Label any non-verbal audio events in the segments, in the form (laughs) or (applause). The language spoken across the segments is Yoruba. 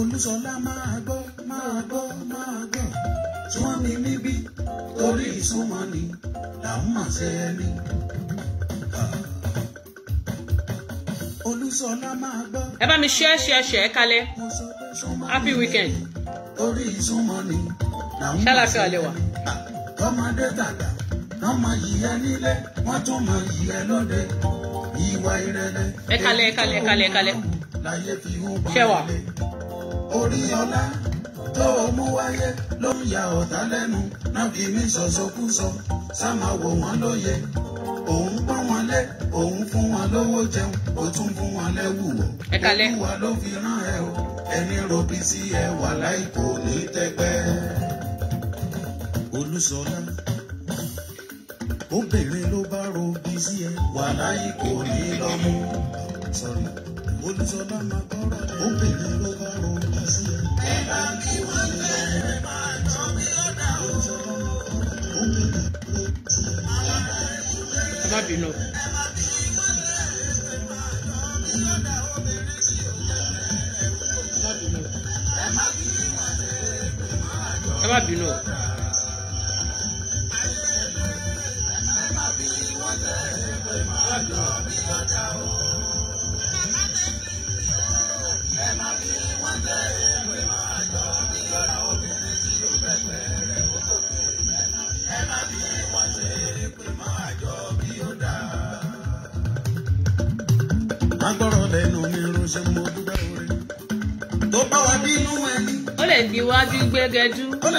Olúṣọlá máa gbọ́ máa gbọ́ máa gbọ́ tí wọ́n ní níbí torí ìsúnmọ́ ni làwọn máa ṣe ẹni. Olúṣọlá máa gbọ́. ẹ bá mi share share share kalẹ̀ happy weekend. torí ìsúnmọ́ ni làwọn máa ṣe ẹni. ọmọdé tàgbà wọ́n máa yí ẹ nílé wọ́n tún máa yí ẹ lóde ìwà ìrẹ̀lẹ̀. ẹ kalẹ̀ ẹ kalẹ̀ ẹ kalẹ̀ ẹ kalẹ̀ ṣẹwàá orí ọlá tó mú wáyé ló ń ya ọ̀tá lẹ́nu náà kì í mí sọ̀sọ́kúsọ sá wò wọ́n lóye òun pọ́n wọn lé òun fún wọn lówó jẹun ó tún fún wọn lẹ́wù wọ̀ ikú wa ló fi rán ẹ o ẹni robi sí ẹ wà láìkò ní tẹ́gbẹ́. olúṣọlá obìnrin ló bá robi sí ẹ wà láìkò ní lọ́mú olúṣọlá máa kọ́ra obìnrin ló bá robi. má bínú. ẹ má bínú. ẹ má bínú.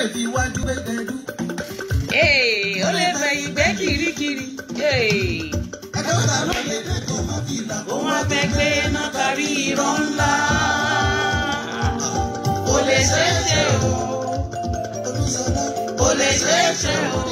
lè fi iwájú gbẹgbẹdú. ó lè fẹ̀yìn gbẹ́ kirikiri. ẹgbẹ́ ọ̀tá ló lè dẹ́kọ̀ má fi ìlà. òun abẹ́gbẹ́ náà parí irọ́ ńlá. kò lè ṣeé o. kò lè ṣeé o.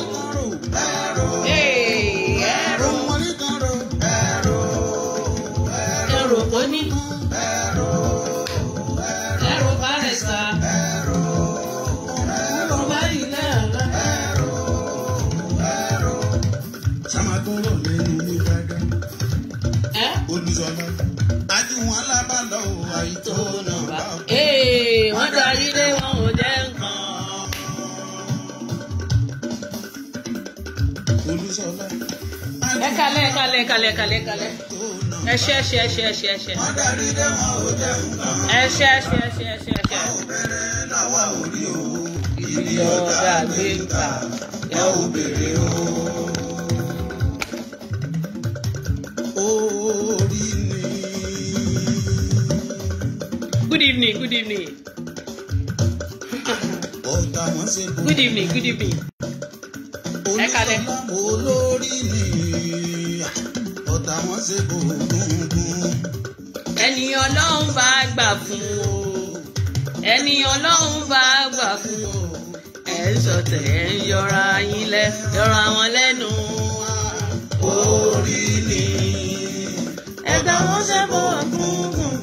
kalẹ̀ kalẹ̀ kalẹ̀ ẹ ṣe ẹ ṣe ẹ ṣe ẹ ṣe ẹ ṣe ẹ ṣe ẹ ṣe ẹ ṣe ẹ ṣe ẹ ṣe. ìrì ọ̀gá gbà ẹ ò béèrè o. Good evening, good evening. Good evening, good evening. ọ̀tẹ̀ ń yọra yín lẹ yọra wọn lẹ́nu. orí ni. ẹ̀dá wọn ṣe bọ̀ fún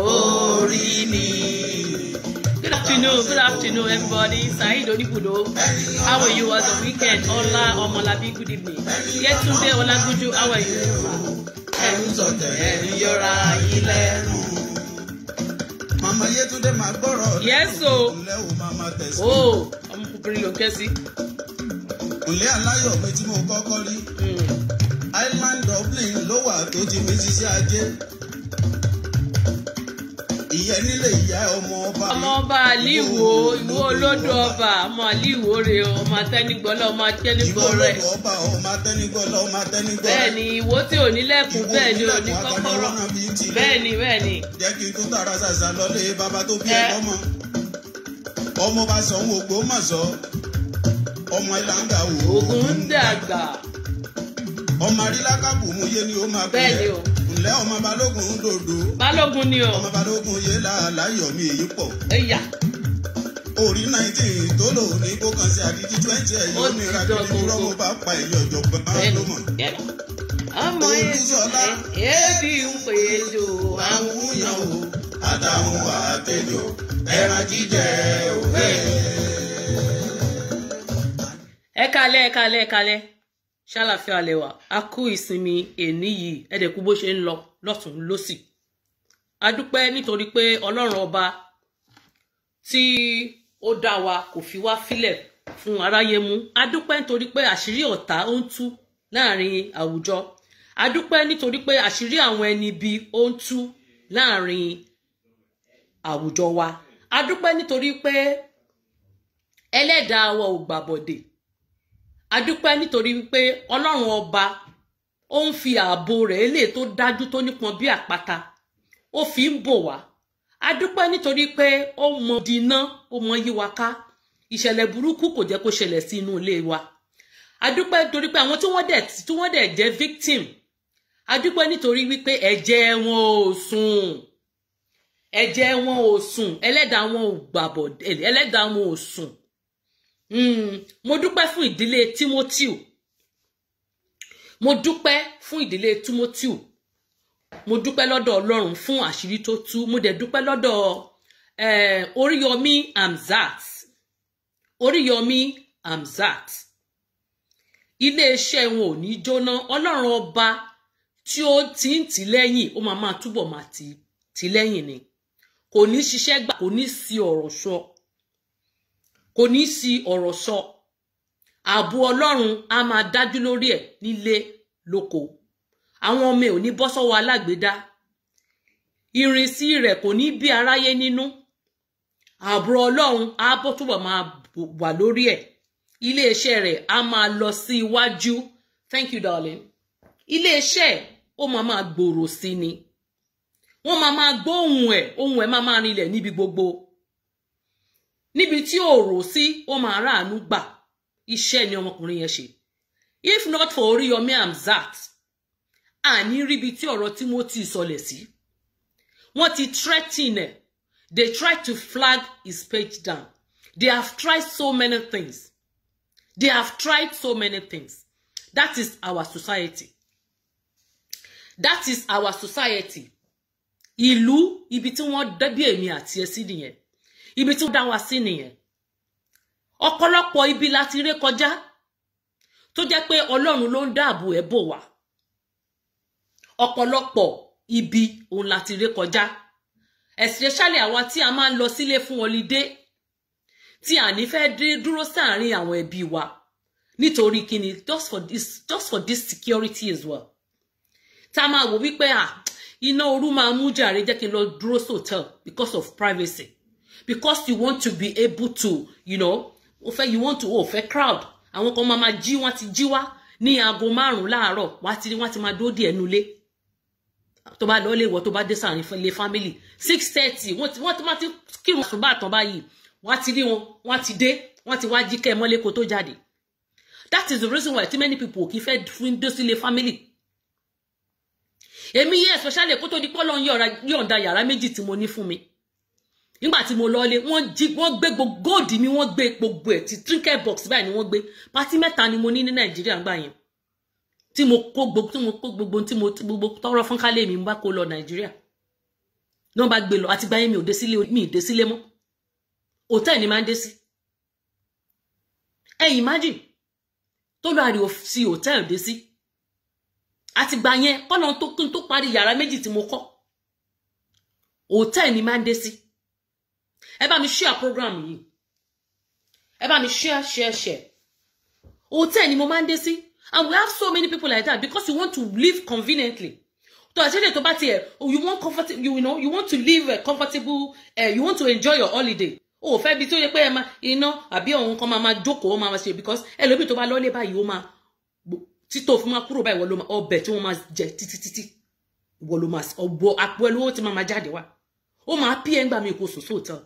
orí ni. Good afternoon, good afternoon everybody. Saheed Onibudo, how are you on the weekend? Ọlá Ọmọlábí, good evening. Yetunde Ọlágúnjú, how are you? Ẹ̀rù sọ̀tẹ̀ ẹ̀rù yọra yín lẹ́rù mama Yétúndé máa gbọ́rọ̀ lẹ́wọ̀ lẹ́wọ̀ máa o oh, ọmọ kúkúrú ló kẹ́ sí. ìlé aláyọ̀ mi tí mo kọ́kọ́ rí hmm. island Dublin ló wà tó ti mi ṣiṣẹ́ ajé jẹ nílé ìyá ọmọ ọba. ọmọ ọba àlìwò ìwọ olódò ọba ọmọ àlìwò rè ọmọ atẹnigbọlọ ọmọ atẹnigbọrẹ. ìwọ olódò ọba ọmọ atẹnigbọlọ ọmọ atẹnigbọrẹ. bẹ́ẹ̀ni ìwọ tí ò ní lẹ̀kùn bẹ́ẹ̀ ni ò ní kọ́kọ́rọ́ bẹ́ẹ̀ni bẹ́ẹ̀ni. jẹ́ kí n tún tara ṣàṣà lọ́lé bàbá tó bí ẹ lọ́mọ ọmọ bá sọ òun ògbó mọ̀ sọ ọmọ ìlànà òun. ògùn ń dàgbà. ọmọ arílákàbù mú yé ni ó máa bẹ̀rẹ̀. bẹ́ẹ̀ni o ǹlẹ́ ọmọ balógun ń balógun ni o. ọmọ balógun yé láàláyọ̀ mi èyí pọ̀. ẹ̀yà. orí nineteen tó lò ní kó kan sí àdìjí twenty ẹ̀yìn ó ní ìrajọ́ ní bá pa èyí ọ̀jọ̀gbọ́n ló mọ̀. ọmọ èsì ẹbí ń pè é lò àwọn o àtàwọn àtẹjọ ẹran jíjẹ òwe. ẹ kalẹ̀ ẹ kalẹ̀ ẹ kalẹ̀ ṣàlàfíà lẹwà a kú ìsinmi èní yìí ẹdẹkú bó ṣe ń lọ lọ́tún lọ́sì a dúpẹ́ nítorí pé Ọlọ́run ọba tí ó dá wa kò fi wá fílẹ̀ fún aráyé mú a dúpẹ́ nítorí pé àṣírí ọ̀tá ó ń tú láàrin àwùjọ a dúpẹ́ nítorí pé àṣírí àwọn ẹni ibi ó ń tú láàrin àwùjọ wa a dúpẹ́ nítorí pé ẹlẹ́dàá wa ò gbàbọ̀dè adúpẹ́ nítorí wípé ọlọ́run ọba ó ń fi ààbò rẹ̀ eléyìí tó dájú tó nípọn bí àpáta ó fi ń bò wá adúpẹ́ nítorí pé ó mọ dínà ó mọ yí wa ká ìṣẹ̀lẹ̀ burúkú kò jẹ́ kó ṣẹlẹ̀ sí inú ilé wa adúpẹ́ nítorí pé àwọn tí wọ́n dẹ̀ tí wọ́n dẹ̀ jẹ́ victim adúpẹ́ nítorí wípé ẹ̀jẹ̀ wọn ò sùn ẹ̀jẹ̀ wọn ò sùn ẹlẹ́dàá wọn ò gbàbọ̀ ẹlẹ́dàá wọn ò sùn Hmm, mo dúpẹ́ fún ìdílé Timothy mo dúpẹ́ fún ìdílé Timothy mo dúpẹ́ lọ́dọ̀ Ọlọ́run fún àṣírí tó tú mo dẹ̀ dúpẹ́ lọ́dọ̀ eh, Oríyọmí amzat. Oríyọmí amzat. iléeṣẹ́ wọn ò ní jóná Ọlọ́run ọba tí ó ti ń tì lẹ́yìn ó máa máa túbọ̀ máa tì lẹ́yìn ni kò ní ṣiṣẹ́ gbà kò ní sí ọ̀rọ̀ sọ kò ní í sí ọ̀rọ̀ sọ ààbò ọlọ́run á máa dájú lórí ẹ̀ nílé lóko àwọn ọmọ ẹ̀ ò ní bọ́ sọ́wọ́ alágbèédá ìrìnsí rẹ̀ kò ní bí aráyé nínú ààbò ọlọ́run á bọ́ túbọ̀ máa wà lórí ẹ̀ iléeṣẹ́ rẹ̀ á máa lọ sí iwájú thank you darling iléeṣẹ́ ẹ̀ ó máa máa gbòòrò sí ni wọ́n máa máa gbọ́ ohùn ẹ̀ ohùn ẹ̀ máa máa rinlẹ̀ níbi gbogbo níbi tí ò rò sí ó máa ráàánú gbà iṣẹ́ ni ọmọkùnrin yẹn ṣe if not for Oríyọmí Hamzat àní ríbi tí ọ̀rọ̀ Timothy sọlẹ̀ sí wọ́n ti threatened, ẹ̀ they tried to flag his page down they have tried so many things they have tried so many things that is our society that is our society ìlú ibi tí wọ́n dẹ́bí èmi àti ẹ sí nìyẹn ibi tí wọ́n dá wa sí nìyẹn ọ̀pọ̀lọpọ̀ ibi la ti ré kọjá tó jẹ́ pé Ọlọ́run ló ń dáàbò ẹ̀ bò wá ọ̀pọ̀lọpọ̀ ibi òun la ti ré kọjá especially àwa tí a máa ń lọ sílé fún ọlídé tí a ní fẹ́ dúró sáàárín àwọn ẹbí wa nítorí kíni just for this just for this security as well tá a máa wò wípé à ah, iná ooru máa mú jàre jẹ́ kí n lọ dúró sòtẹ́l because of privacy because you want to be able to you know o fẹ́ you want to o fẹ́ crowd àwọn kan máa ma jí wọ́n ti jí wá ní aago márùn láàárọ̀ wá ti rí wọ́n ti máa dó díẹ̀ nulẹ̀ tó bá lọ́ọ́ lè wọ̀ tó bá dé sàárín ilé family six thirty wọ́n ti wọ́n ti máa ti kírun àsùnbà àtàn báyìí wọ́n ti rí wọn wọ́n ti dé wọ́n ti wá jí kẹ́ ẹ mọ́lé tó jáde that is the reason why too many people kì í fẹ́ fún dó sílé family èmi yẹ especially kó tó di pọ́lọ́ yọ̀ǹda yàrá méjì tí mo ní fún mi nígbà tí mo lọlé wọ́n jí wọ́n gbé gbogbo góòdì mi wọ́n gbé gbogbo ẹ̀ ti trinket box báyìí ni wọ́n gbé pátí mẹ́ta ni mo ní ní nàìjíríà gbà yẹn tí mo kó gbogbo tí mo kó gbogbo tí mo gbogbo tọrọ fún kálẹ̀ mi bá kó lọ nàìjíríà náà bá gbé lọ àti gbáyé mi ò dé sílé mi ì dé sílé mọ́ òtẹ́ẹ̀ ni máa ń dé sí ẹ imagine tó lọ àríwò sí òtẹ́ẹ̀ dé sí àti gbà yẹn kọ́nà tó kí n tó parí yàrá méjì tí mo kọ́ òtẹ́ẹ̀ ni máa ń dé sí ẹ bá mi share program yìí ẹ bá mi share share share hotel ni mo máa ń dé sí and we have so many people like that because you want to live conveniently tó àṣẹlẹ tó bá tiẹ̀ you want comfort you know you want to live a eh, comfortable uh, you want to enjoy your holiday o fẹ́ bi tó yẹ pé ẹ máa iná àbí ọ̀hún kan máa máa jókòó máa ṣe because ẹlòmíì tó bá lọ́lé báyìí ó máa títò fún máa kúrò báyìí wọ́n ló máa ọbẹ̀ tí wọ́n máa jẹ títí títí wọ́n ló máa ọ̀bọ̀ àpò ẹ̀ lówó tí máa máa jáde wá ó máa pí ẹ̀ ń gbà mí kó sòsò tán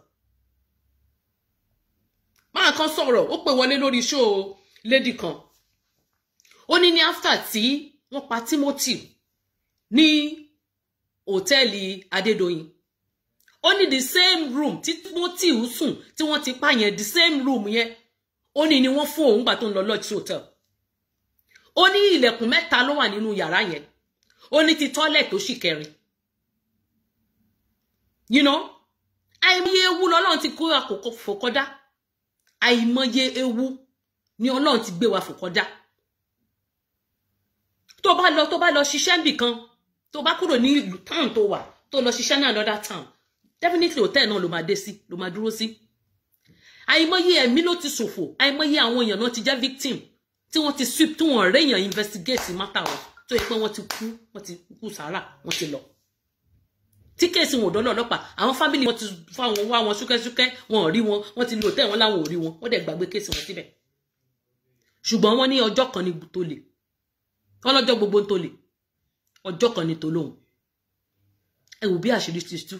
máa kan sọ̀rọ̀ ó pè wọlé lórí ṣó lady kan ó ní ní after tí wọ́n pa Timothy ní hòtẹ́ẹ̀lì Adédoyin ó ní the same room tí Timothy sùn tí wọ́n ti pa yẹn the same room yẹn ó ní ni wọ́n fún òun gbà tó ń lọ lodge hotel ó ní ilẹ̀kùn mẹ́ta ló wà nínú yàrá yẹn ó ní ti toilet tó sì kẹrin you know àìmọye ewu lọ́lọ́run ti kó àkókò fò kọjá àìmọye ewu ni Ọlọ́run ti gbé wa fò kọjá tó bá lọ tó bá lọ ṣiṣẹ́ níbì kan tó bá kúrò ní ìlú town tó wà tó lọ ṣiṣẹ́ ní another town definitely hotel náà ló máa dé sí ló máa dúró sí àìmọye ẹ̀mí ló ti ṣòfò àìmọye àwọn èèyàn náà ti jẹ́ victim tí wọ́n ti sweep tí wọ́n rẹ̀yàn investigate matter wọn tó yẹ pé wọ́n ti kú wọ́n ti kú sára wọ́n ti lọ tí kéèsì wọn ò dọ́nà ọlọ́pàá àwọn fámìlì wọn ti fáwọn wá wọn súkẹ́súkẹ́ wọn ò rí wọn wọn ti lo òtẹ́ wọn láwọn ò rí wọn wọ́n dẹ̀ gbàgbé kéèsì wọn síbẹ̀ ṣùgbọ́n wọ́n ní ọjọ́ kan ní tó lè wọ́n gbogbo tó lè ọjọ́ kan ní tó lóhùn ẹ wò bí àṣírí ti tú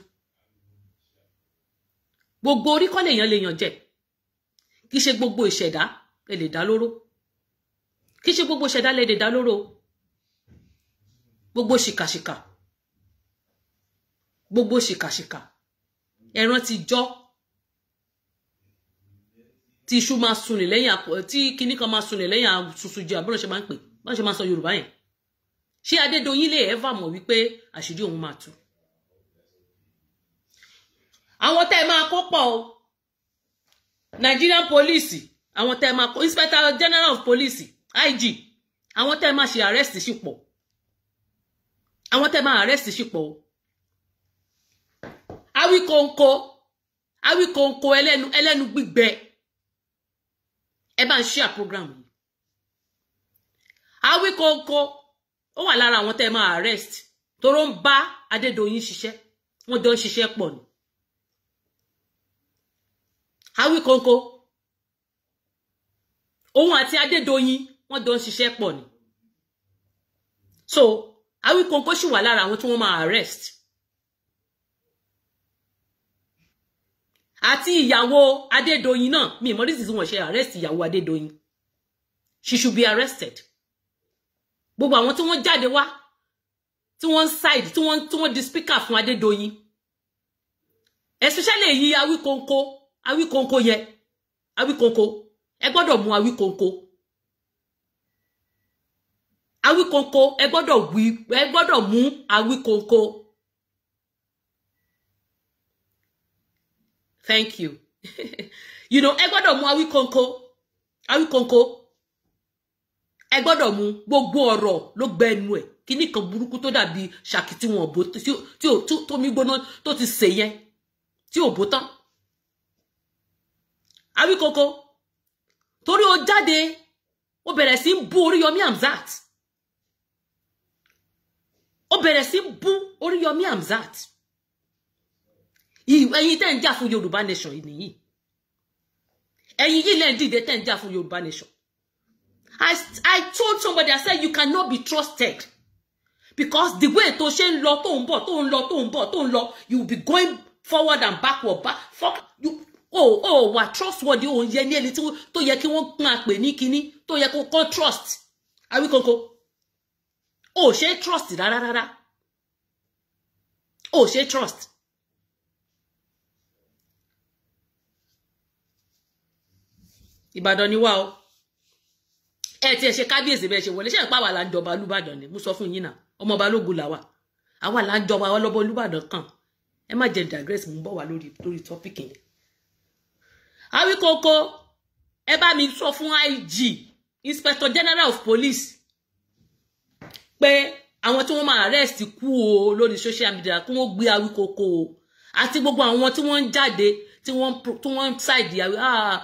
gbogbo orí kọ́ lèèyàn lèèyàn jẹ kì í ṣe gbogbo ìṣẹ̀dá lè lè dá lóró kì í ṣe gbogbo ìṣẹ̀dá lè lè dá lóró gbogbo ṣìkàṣìkà gbogbo ṣìkàṣìkà ẹran ti jọ́ tí iṣu máa sunlẹ̀ lẹ́yìn àpò tí kinní kan máa sunlẹ̀ lẹ́yìn àtúntò jẹ àbúrò ṣe máa ń pè bá ṣe máa sọ Yorùbá yẹn ṣé Adédoyin lè ẹ́fà mọ̀ wípé àṣírí òun máa tú àwọn tẹ́ ẹ máa kó pọ̀ o Nigerian police àwọn tẹ́ ẹ máa kó inspector general of police IG àwọn tẹ́ ẹ máa ṣe arrest sí pọ̀ àwọn tẹ́ ẹ máa arrest sí pọ̀ o awíkóńkó awíkóńkó ẹlẹ́nu ẹlẹ́nu gbígbẹ ẹ bá ń share program yìí awíkóńkó ó wà lára àwọn tẹ́ ẹ máa arrest toró ń bá Adédoyin ṣiṣẹ́ wọ́n jọ ń ṣiṣẹ́ pọ̀ ni awíkóńkó òun àti Adédoyin wọ́n jọ ń ṣiṣẹ́ pọ̀ ni so awíkóńkó sì wà lára àwọn tí wọ́n máa arrest àti ìyàwó Adédoyin náà mi ìmọ̀ dísìsì wọn ṣe arrest ìyàwó Adédoyin she should be arrested gbogbo àwọn tí wọ́n jáde wá tí wọ́n ń side tí wọ́n tí wọ́n di speaker fún Adédoyin especially èyí awíkonko awíkonko yẹn awíkonko ẹ gbọ́dọ̀ mú awíkonko awíkonko ẹ gbọ́dọ̀ wí ẹ gbọ́dọ̀ mú awíkonko. thank you (laughs) you know ẹ gbọ́dọ̀ mu awíkonko awíkonko ẹ gbọ́dọ̀ mu gbogbo ọ̀rọ̀ ló gbẹ ẹnu ẹ̀ kíní kan burúkú tó dàbí ṣàkì tí wọn bò tí ò tómi gbóná tó ti sè yẹn tí ò bó tán awíkonko torí o jáde o bẹ̀rẹ̀ sí ń bú Oríyọmí Hamzat o bẹ̀rẹ̀ sí ń bú Oríyọmí Hamzat ẹ̀yin tẹ́ ń jà fún Yorùbá nation yìí nìyí ẹ̀yin yìí lẹ́ ń dìde tẹ́ ń jà fún Yorùbá nation I I told somebody I said you cannot be trusted because the way tó ṣe ń lọ tó ń bọ̀ tó ń lọ tó ń bọ̀ tó ń lọ you will be going forward and backward back fuck you o oh, o oh, wà trustworthy òun yẹ ní ẹni tó yẹ kí wọ́n máa pè ní kinní tó yẹ kó kọ́ trust awíkóńkó o ò ṣe trust rárá rárá o ṣe trust. ìbàdàn ni wá o ẹ tiẹ̀ ṣe kábíyèsí bẹ́ẹ̀ ṣe wọlé ṣe ìpá wà là ń jọba olúbàdàn ni mo sọ fún yín náà ọmọ balógun làwà àwa là ń jọba ọlọ́bọ olúbàdàn kàn ẹ má jẹ digress mo ń bọ̀ wá lórí lórí tọ́pìkì yẹn. àwíkoko ẹ bá mi sọ fún IG inspector general of police pé àwọn tí wọ́n máa arrest kú o lórí social media kí wọ́n gbé àwíkoko o àti gbogbo àwọn tí wọ́n ń jáde tí wọ́n ń side àwí ah,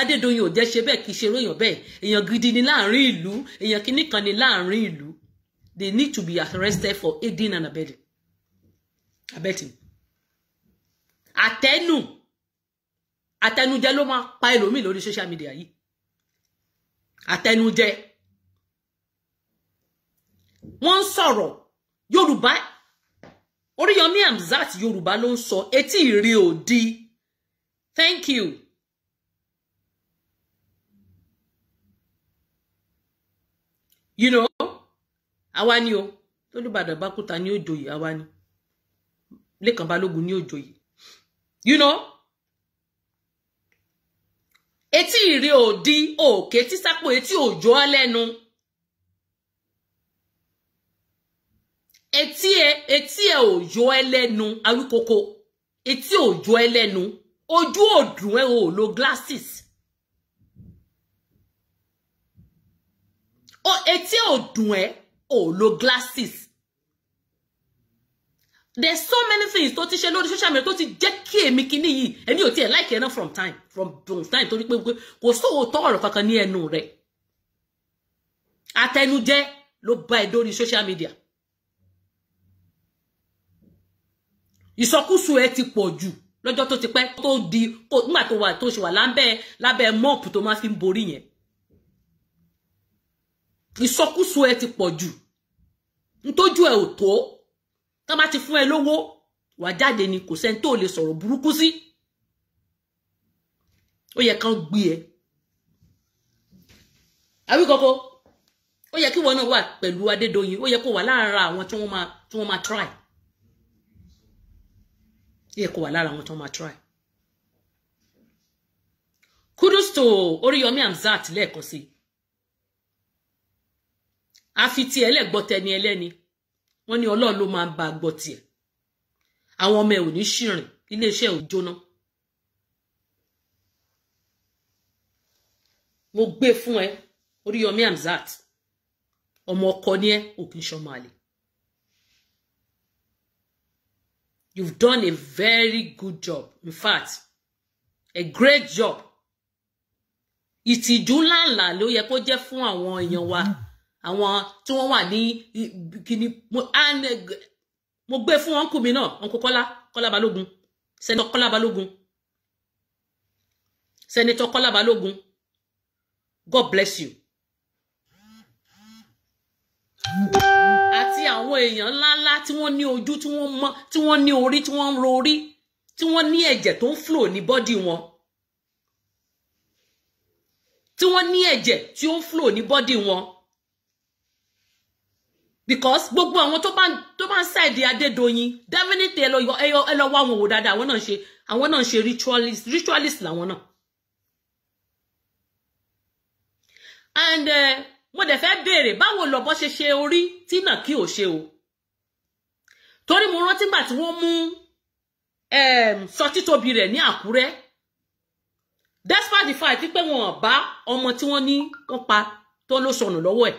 adédọyìn ò jẹ́ ṣe bẹ́ẹ̀ kì í ṣe èèyàn bẹ́ẹ̀ èèyàn gidi ni láàrin ìlú èèyàn kìíní kan ni láàrin ìlú they need to be arrested for aiding and abetting abetting àtẹnu àtẹnujẹ ló máa pa ẹlòmíì lórí social media yìí àtẹnujẹ wọ́n ń sọ̀rọ̀ yorùbá oríyọmí amzat yorùbá ló ń sọ etí ìrè òdi thank you. you know àwa ni o tólúbàdàn bá kúta ní òjòyè àwa ni lẹ́kàn balógun ní òjòyè you know etí ìrè òdi òkè tí sápò etí òjò á lẹ́nu etí ẹ etí ẹ òjò ẹ lẹ́nu arúkoko etí òjò ẹ lẹ́nu ojú òdùn ẹ ò lo glasses o etí ò dùn ẹ́ ò lo glasses there's so many things tó ti ṣe lórí social media tó ti jẹ́ kí èmi kíní yìí èmi ò tiẹ̀ láìkẹ́ náà from time from from time torí so kò sóòótọ́ ọ̀rọ̀ kankan ní ẹnu rẹ̀ atẹnujẹ ló bá ẹ dórí social media ìsọkúsù ẹ ti pọ̀ jù lọ́jọ́ tó ti pẹ́ to di nígbà to wà tó ṣe wà lábẹ́ lábẹ́ mọ́ọ̀pù tó máa fi ń borí yẹn ìsọkúsọ ẹ ti pọ̀ jù ntójú ẹ ò tó tán bá ti fún ẹ lówó wàá jáde ni kò sẹ́ni tó lè sọ̀rọ̀ burúkú sí ó yẹ kán gbé ẹ àbí kọ́kọ́ ó yẹ kí wọn náà wà pẹ̀lú Adédoyin ó yẹ kó wà lára àwọn tí wọ́n máa tí wọ́n máa try ó yẹ kó wà lára àwọn tí wọ́n máa try kudos to Oríyọmí Hamzat lẹ́ẹ̀kan sí i a fi tiẹ̀ ẹlẹ́gbọ́ ní ọlọ́run ló máa bá a gbọ́ àwọn ọmọ ẹ̀ ò ní ṣìrìn iléeṣẹ́ ò jóná. mo gbé e fún ẹ Oríyọmí Hamzat ọmọ ọkọ ni ẹ ò kì í ṣọmọ àlè. You've done a very good job in fact a great job ìtìjú ńláńlá ló yẹ kó jẹ́ fún àwọn èèyàn wa. Mm -hmm àwọn tí wọ́n wà ní kíní mo gbé fún wọn kùmí náà ọkọ Kọ́lá Kọ́lá Balógun sẹ́nitọ́ Kọ́lá Balógun sẹ́nitọ́ Kọ́lá Balógun God bless you. àti àwọn èèyàn ńláńlá tí wọ́n ní ojú tí wọ́n mọ́ tí wọ́n ní orí tí wọ́n ń ro orí tí wọ́n ní ẹ̀jẹ̀ tó ń flow ní bọ́dì wọn tí wọ́n ní ẹ̀jẹ̀ tí ó ń flow ní bọ́dì wọn because gbogbo àwọn tó bá tó bá ń ṣàìdí Adédoyin definitely ẹlọ ẹyọ ẹlọ wá wọn wò dáadáa àwọn náà ṣe àwọn náà ṣe ritualist ritualist làwọn náà and eh, mo dẹ̀ fẹ́ béèrè báwo lọ́bọ ṣe ṣe orí tí náà kí ò ṣe o torí mo rántí gbà tí wọ́n mú ehm, Sotitobire rẹ̀ ní Àkúrẹ́ despite the fact pé wọn bá ọmọ tí wọ́n ní wọ́n pa tó ló sọnù lọ́wọ́ ẹ̀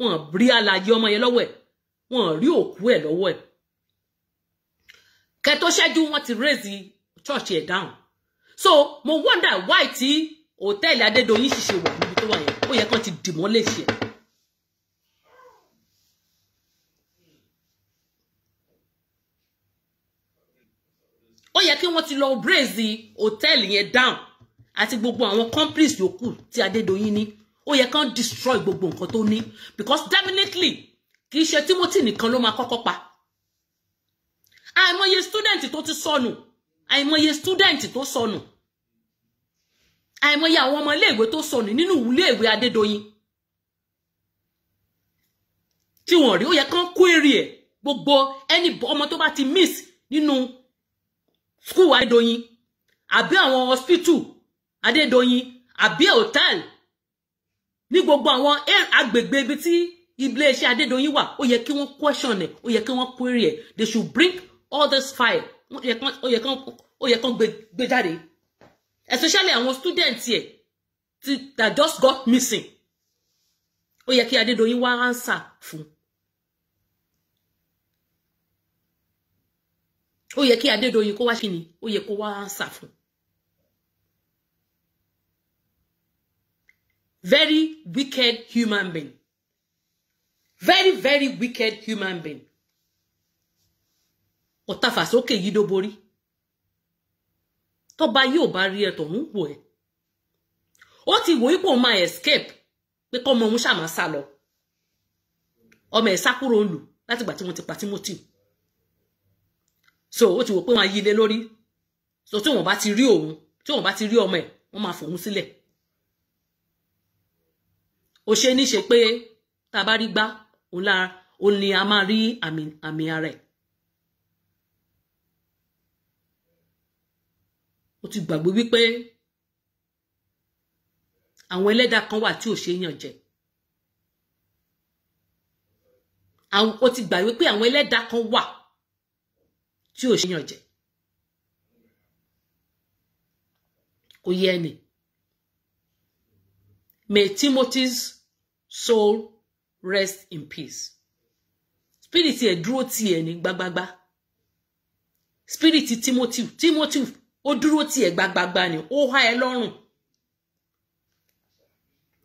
wọn rí àlàyé ọmọ yẹn lọ́wọ́ ẹ̀ wọn rí òkú ẹ̀ lọ́wọ́ ẹ̀ kẹtó ṣẹ́jú wọn ti raise church ẹ̀ down so mo wonder why tí hòtẹ́ẹ̀lì Adédoyin ṣiṣẹ́ wà níbi tó wà yẹn ó yẹ kán ti demolish ẹ̀. ó yẹ kí wọ́n ti lọ braise hòtẹ́ẹ̀lì yẹn down àti gbogbo àwọn complice yòókù tí Adédoyin ní ó yẹ kán destroy gbogbo nǹkan tó ní because definitely kì í ṣe Timothy nìkan ló máa kọ́kọ́ pa àìmọye student tó ti sọnù àìmọye student tó sọnù àìmọye àwọn ọmọ iléèwé tó sọnù nínú iléèwé Adédoyin tí wọ́n rí ó yẹ kán query ẹ̀ gbogbo ẹni ọmọ tó bá ti miss nínú school Adédoyin àbí àwọn hospital Adédoyin àbí hotel ní gbogbo àwọn agbègbè ibi tí iléeṣẹ́ Adédoyin wà ó yẹ kí wọ́n question ẹ̀ ó yẹ kí wọ́n query ẹ̀ they should bring all this file ó yẹ kán ó yẹ kán gbé jáde especially àwọn student ẹ̀ ti that just got missing ó yẹ kí Adédoyin wá answer fún ó yẹ kí Adédoyin kó wá kí ni ó yẹ kó wá answer fún. very wicked human being very very wicked human being ọ̀tàfàsókè yìí ló borí tọ́ba yóò bá rí ẹ tọ̀hún wò ẹ́ ó ti wò ipò máa escape pé kọ́ ọmọ òun ṣàmà sá lọ ọmọ ẹ̀ sá kúrò lù látìgbà tí wọ́n ti pa Timothy so ó ti wò pé wọ́n á yí ilé so tí wọ́n bá ti rí òun tí wọ́n bá ti rí ọmọ ẹ̀ wọ́n máa fòun sílẹ̀. Si ó ṣe ní ṣe pé tá a bá rí gbá òun ni a máa rí àmì ara ẹ̀. ó ti gbàgbé wípé àwọn ẹlẹ́dà kan wà tí ò ṣe é yàn jẹ ti gbàgbé wípé àwọn ẹlẹ́dà kan wà tí ò ṣe é yàn jẹ kò May Timothy's soul rest in peace. Spirit ẹ̀ dúró ti ẹ̀ ní gbagbagba. Spirit Timothy Timothy ó dúró ti ẹ̀ gbagbagba ni ó há ẹ lọ́rùn.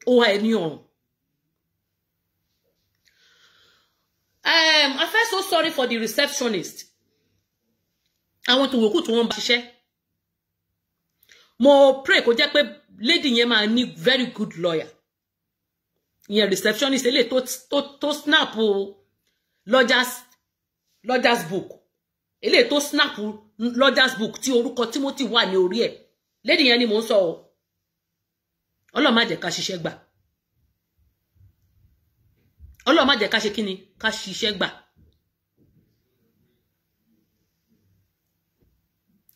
Ó há ẹ ní ọ̀run. Um, I feel so sorry for the receptionist. Àwọn tòwòkù tí wọ́n ń bá ṣiṣẹ́. Mo pray kó jẹ́ pé lady yẹn máa ní very good lawyer ìyẹn receptionist eléyìí tó tó tó snap lodgers lodgers book eléyìí tó snap lodgers book tí orúkọ Timothy wà ní orí ẹ̀ lady yẹn ni mò ń sọ ọ Ọlọ́run má jẹ́ ká ṣiṣẹ́ gbà Ọlọ́run má jẹ́ ká ṣe kíni ká ṣiṣẹ́ gbà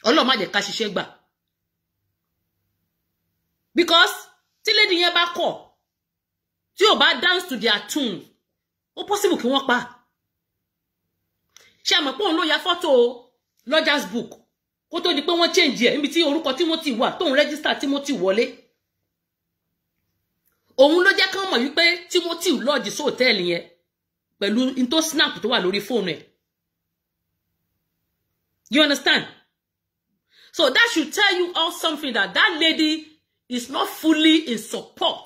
Ọlọ́run má jẹ́ ká ṣiṣẹ́ gbà. to their tomb ó possible kí wọ́n pa ṣe àmọ́ pé òun ló ya fọ́tò lodgers book kó tó di pé wọ́n change ẹ̀ níbi tí orúkọ Timothy wà tóun rẹ́gísítà Timothy wọlé òun ló jẹ́ kán mọ̀ wípé Timothy lodge sí hòtẹ́ẹ̀lì yẹn pẹ̀lú into snap to wà lórí fóònù ẹ̀ you understand so that should tell you all something that that lady is not fully in support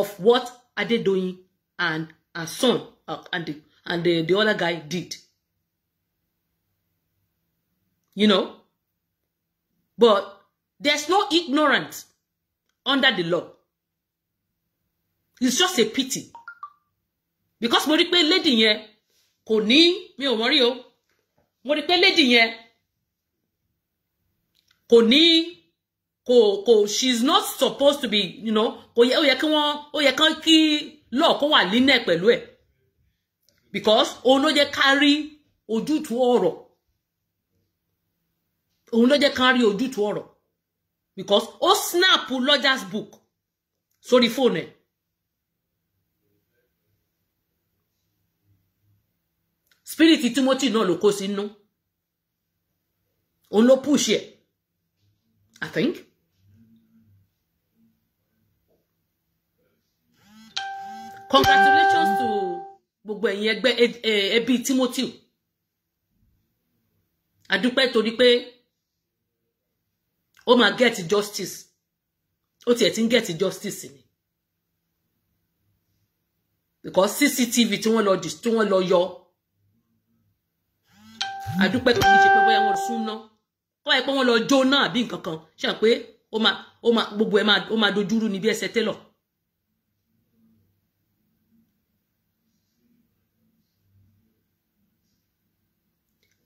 of what Adedoyin and her son uh, and the and the, the other guy did. You know? But there's no ignorance under the law. It's just a pity. Because mo rí lady yẹn kò ní mi ò mọ̀ rí o. Mo rí lady yẹn kò ní kò kò she's not supposed to be you know kò yẹ ó yẹ kí wọ́n ó yẹ kán kí law kó wà lílẹ̀ pẹ̀lú ẹ̀ because òun ló jẹ́ ká rí ojútùú ọ̀rọ̀ òun ló jẹ́ ká rí ojútùú ọ̀rọ̀ because ó snap lọ́jà's book sórí fóònù ẹ̀ spirit Timothy náà ló kó sínú òun ló push ẹ̀ I think. congratulations to gbogbo ẹ̀yin ẹgbẹ́ ẹbí Timothy àdúpẹ́ torí pé ó máa get justice ó tiẹ̀ ti ń get justice ni because CCTV tí wọ́n lọ tí wọ́n lọ yọ àdúpẹ́ kò kì í ṣe pé bóyá wọ́n sún ná ó wáyé pé wọ́n lọ jó náà àbí nǹkan kan ṣe pé ó máa gbogbo ẹ̀ máa dojúrú ni bí ẹsẹ̀ tẹ́lọ̀.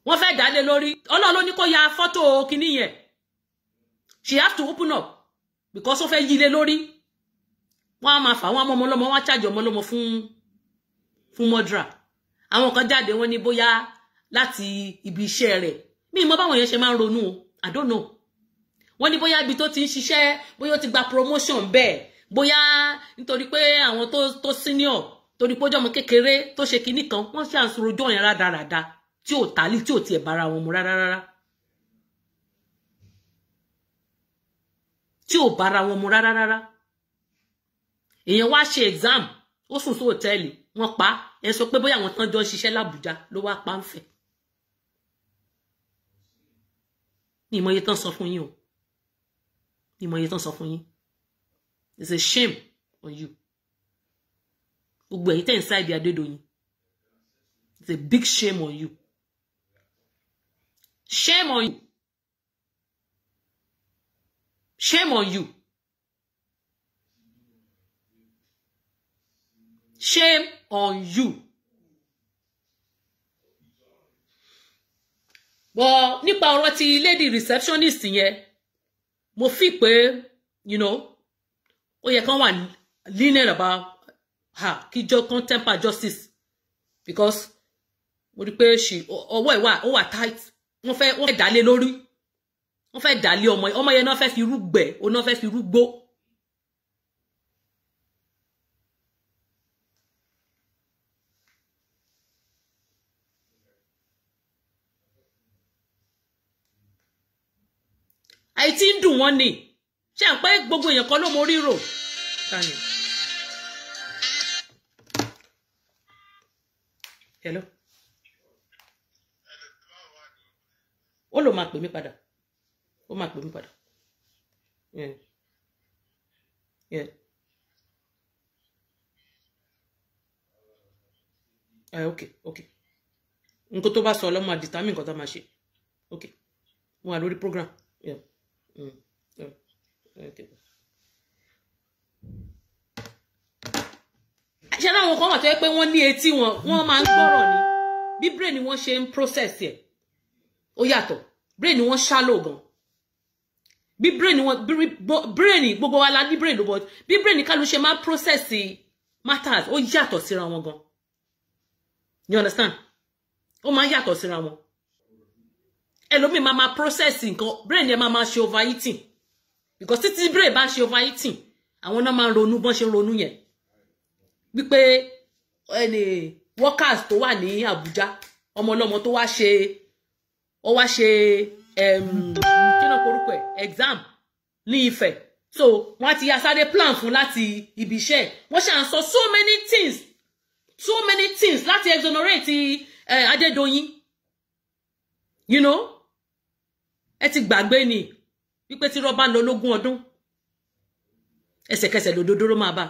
wọ́n fẹ́ dálé lórí ọlọ́run ló ní kó ya fọ́tò kínní yẹn she have to open up because ó fẹ́ yí ilé lórí wọ́n á máa fà wọ́n á mọ charge ọmọ ọlọ́mọ fún fún mọ́dúrà àwọn kan jáde wọ́n ní bóyá láti ibi iṣẹ́ rẹ̀ mi mọ báwọn yẹn ṣe máa ń ronú I don't know wọ́n ní boya ibi tó ti ń boya bóyá ó ti gba promotion bẹ́ẹ̀ bóyá nítorí pé àwọn to tó senior torí pé ó jọmọ kékeré tó ṣe kinní kan wọ́n ṣe àǹsọ̀rọ̀ ojú ọ̀yàn rádaràda tí ò tálí tí ò tiẹ̀ bára wọn mu rárá rárá tí ò bára wọn mu rárá rárá èèyàn wá ṣe exam ó sùn sí hòtẹ́ẹ̀lì wọ́n pa ẹ sọ pé bóyá àwọn tán jọ ń ṣiṣẹ́ làbújá ló wá pa ń fẹ́ ní ìmọ̀ye tán sọ fún yín o ní ìmọ̀ye tán sọ fún yín it's a shame on you gbogbo ẹ̀yin tẹ́ ń sá ibi Adédoyin it's a big shame on you. Shame on you. Shame on you. Shame on you. Well, nípa ọ̀rọ̀ ti lady receptionist yẹn, mo fi pé, you know, ó yẹ kán wà lenient about her kí jọ kan temper justice because mo rí pé she ọwọ́ ẹ̀ wa o wà tight wọ́n fẹ́ wọ́n fẹ́ dálé lórí wọ́n fẹ́ dálé ọmọ yẹn ọmọ yẹn náà fẹ́ fi rúgbẹ̀ òun náà fẹ́ fi rúgbó. àyè tí ń dùn wọ́n ni ṣé à ń pẹ́ gbogbo èèyàn kan ló mọ ríro. Hello. ó lò máa pè mí padà ó máa pè mí padà yeah. yeah. ẹ ah, ok ok nǹkan tó bá sọ ọlọ́mọ àdìtámì nǹkan tá a máa ṣe ok mo wà lórí program yeah. mm. okay. ṣe láwọn kan wà tó yẹ pé wọ́n ní etí wọn wọ́n máa ń gbọ́rọ̀ ni bí brain wọn ṣe ń process ẹ̀ ó yàtọ̀ brain wọn shallow gan bí brain wọn brain gbogbo wa la ní brain but bí brain kálù ṣe máa process matters ó yato síra wọn gan you understand ó máa yato síra wọn ẹlòmíì máa máa process nǹkan brain yẹn máa máa ṣe overeating because títí brain bá ṣe overeating àwọn náà máa ń ronú bọ́n ṣe ń ronú yẹn wípé workers to wà ní Abuja. ọmọ ọlọ́mọ tó wá ṣe ó wá ṣe kíná korúkọ ẹ̀ exam ní Ifẹ̀ so wọ́n ti asáré plan fún láti ibi iṣẹ́ wọ́n ṣàn sọ so many things so many things láti exonerate uh, Adédoyin you know ẹ ti gbàgbé ni wípé tí rọ́bà ń lọ lógún ọdún ẹsẹ̀kẹsẹ̀ lòdòdó ló máa bá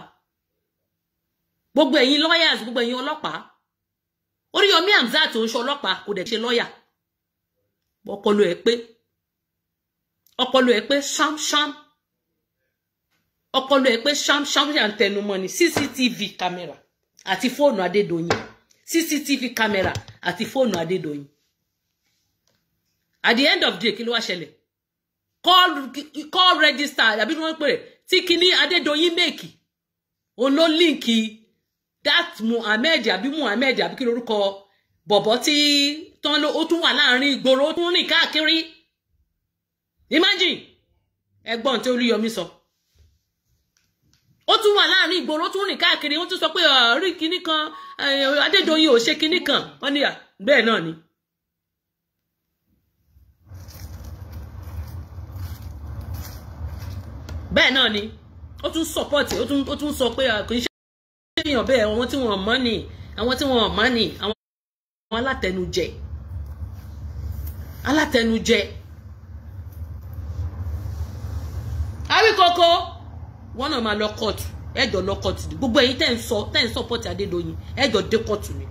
gbogbo ẹ̀yin lawyers gbogbo ẹ̀yin ọlọ́pàá Oríyọmí Hamzat tó ń ṣe ọlọ́pàá kò dẹ̀ ṣe lọ́yà ọpọlọ ẹ pé ọpọlọ ẹ pé ṣámṣám ọpọlọ ẹ pé ṣámṣám ṣe à ń tẹnumọ́ ni cctv camera àti fóònù adédọyìn cctv camera àti fóònù adédọyìn at the end of day kí ló wá ṣẹlẹ̀ call call register àbí wọ́n pè é tí kinní adédọyìn mèkì òun ló líǹkì dat muhammed àbí muhammed àbí kí lorúkọ bọ̀bọ̀ tí tán ló ó tún wà láàrin ìgboro ó tún rìn káàkiri imagine ẹ̀gbọ́n tí Olúyọmí sọ ó tún wà láàrin ìgboro ó tún rìn káàkiri ó tún sọ pé ọrí kinní kan Adédoyin ò ṣe kinní kan wọ́n ní bẹ́ẹ̀ náà ni. bẹ́ẹ̀ náà ni ó tún support ó tún ó tún sọ pé kì í ṣe èèyàn bẹ́ẹ̀ àwọn tí wọ́n mọ̀ ni àwọn tí wọ́n mọ̀ ni àwọn alátẹnujẹ alátẹnujẹ àríkọ́kọ́ wọ́n náà máa lọ kóòtù ẹjọ́ lọ kóòtù ni gbogbo ẹ̀yin tẹ́ ń sọ tẹ́ ń sọ́pọ̀tì Adédoyin ẹjọ́ dé kóòtù ni.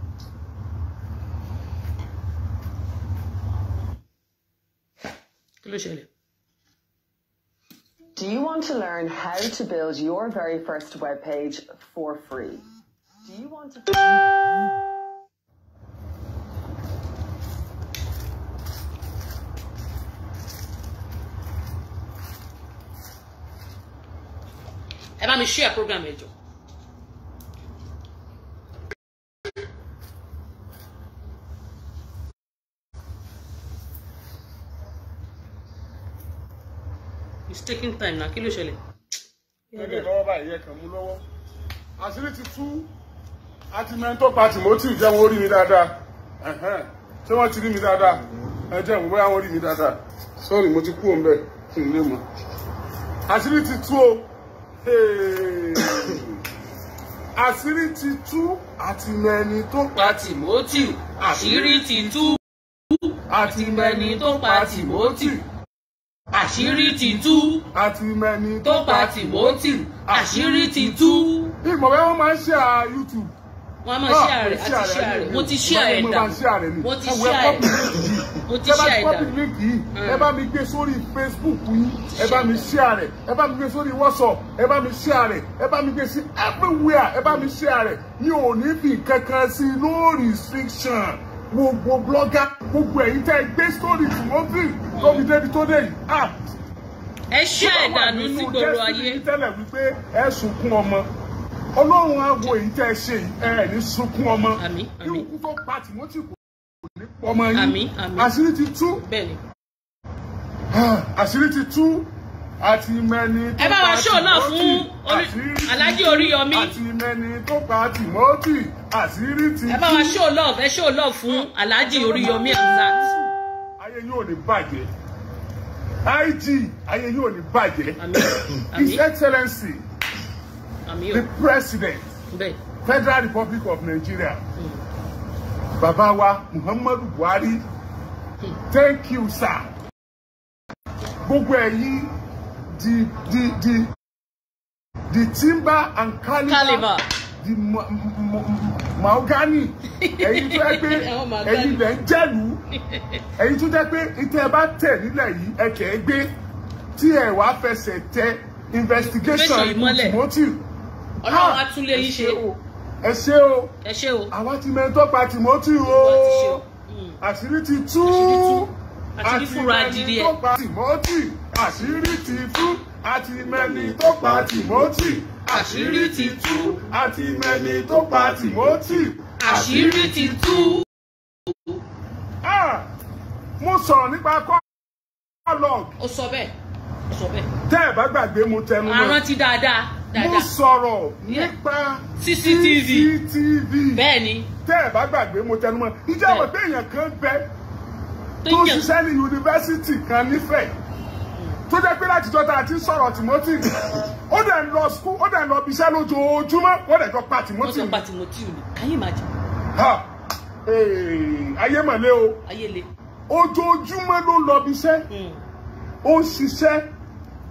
Do you want to learn how to build your very first web page for free? Do you want to... ẹ bá mi share program ẹ jọ. it's taking time na kí ló ṣẹlẹ̀. ẹgbẹ́ lọ́wọ́ báyìí ẹ̀kan mú lọ́wọ́ àṣírí ti tú àti mẹ́ńtọ́ pa Timothy jẹ́ wọn ó rí mi dáadáa ṣé wọ́n ti rí mi dáadáa ẹ jẹ́ ìwé àwọn rí mi dáadáa sọ́ọ̀rì mo ti kú òun bẹ́ẹ̀ kí n lè mọ̀ àṣírí ti tú o àṣírí ti tú àti mẹni tó pa Timothy àṣírí ti tú àti mẹni tó pa Timothy àṣírí ti tú àti mẹni tó pa Timothy àṣírí ti tú. bí ìmọ̀ bẹ́ẹ̀ wọ́n máa ń ṣe à YouTube wọn a máa ṣí ah, ààrẹ àti ṣí ààrẹ mo ti ṣí ààrẹ dà mo ti ṣí ah, ààrẹ mo ti ṣí ààrẹ dà. ẹ bá kọ́pì líǹkì yìí ah. ẹ bá mi gbé sórí Facebook yìí ẹ bá mi ṣí ààrẹ ẹ bá mi gbé sórí WhatsApp ẹ bá mi ṣí ààrẹ ẹ bá mi gbé sí everywhere ẹ bá mi ṣí ààrẹ mi ò ní fi kankan sí no restriction gbogbo blọ́gà gbogbo ẹ̀yin tẹ́ ẹ gbé sórí tìmọ́tì tóbi débi tó dé yìí ẹ ṣí àìdànù sí gbòòrò ayé. tẹ́lẹ̀ wípé ẹ sunkún ọmọ ọlọ́run á wo èyí tẹ́ ẹ ṣe ẹ ní sunkún ọmọ kí òkú tó pa tìmọ́tì kò ní pọmọ yín àṣírí ti tú àṣírí ti tú àti mẹni tó pa tìmọ́tì àṣírí Oríyọmí àti mẹni tó pa tìmọ́tì àṣírí ti tú. ẹ bá wa show love ẹ show love fún Alhaji Oríyọmí Hamzat. ayé yóò ní bàjẹ́ IG ayé yóò ní bàjẹ́ His Excellency the president Be. federal republic of nigeria mm. baba muhammadu buhari mm. thank you sir gbogbo ẹ̀yin the the the the timber and calibre, caliber. the ma mahogany ẹ̀yin tó yẹ pé (laughs) ẹ̀yin lẹ ń jẹlu (laughs) ẹ̀yin tó jẹ́ pé ìtẹ bá tẹ nílẹ̀ yìí ẹ kẹ ẹ gbé tí ẹ wàá fẹsẹ̀ tẹ investigation motive ọlọ́run ah, á tún lé yín ṣe. ẹ ṣé o ẹ ṣé o àwa ti mẹ́rin tó pa Timothy o àṣírí ti tú àti mẹ́rin tó pa Timothy àṣírí ti tú àti mẹ́rin tó pa Timothy àṣírí ti tú àti mẹ́rin tó pa Timothy àṣírí ti tú. mo sọ̀rọ̀ nípa kọ́ọ̀lọ́ọ̀gì. ó sọ bẹ́ẹ̀ ó sọ bẹ́ẹ̀. tẹ́ ẹ̀ bá gbàgbé mo tẹnu mọ́. àrántí dáadáa mo sọ̀rọ̀ nípa cctv cctv bẹ́ẹ̀ ni tẹ́ bá gbàgbé mo tẹnu mọ́ ìjẹ́ àwọn pé èèyàn kan bẹ tó ṣiṣẹ́ ní yunifásitì kan nífẹ̀ẹ́ tó jẹ́ pé látijọ́ tá a ti ń ó dẹ̀ lọ skú ó dẹ̀ lọ ibiṣẹ́ lójoojúmọ́ ó dẹ̀ jọ pa Timothy. ó jọ pa Timothy ni ayé jẹ. ayé mà le o ojoojúmọ́ ló lọ ibiṣẹ́ hmm. ó ń ṣiṣẹ́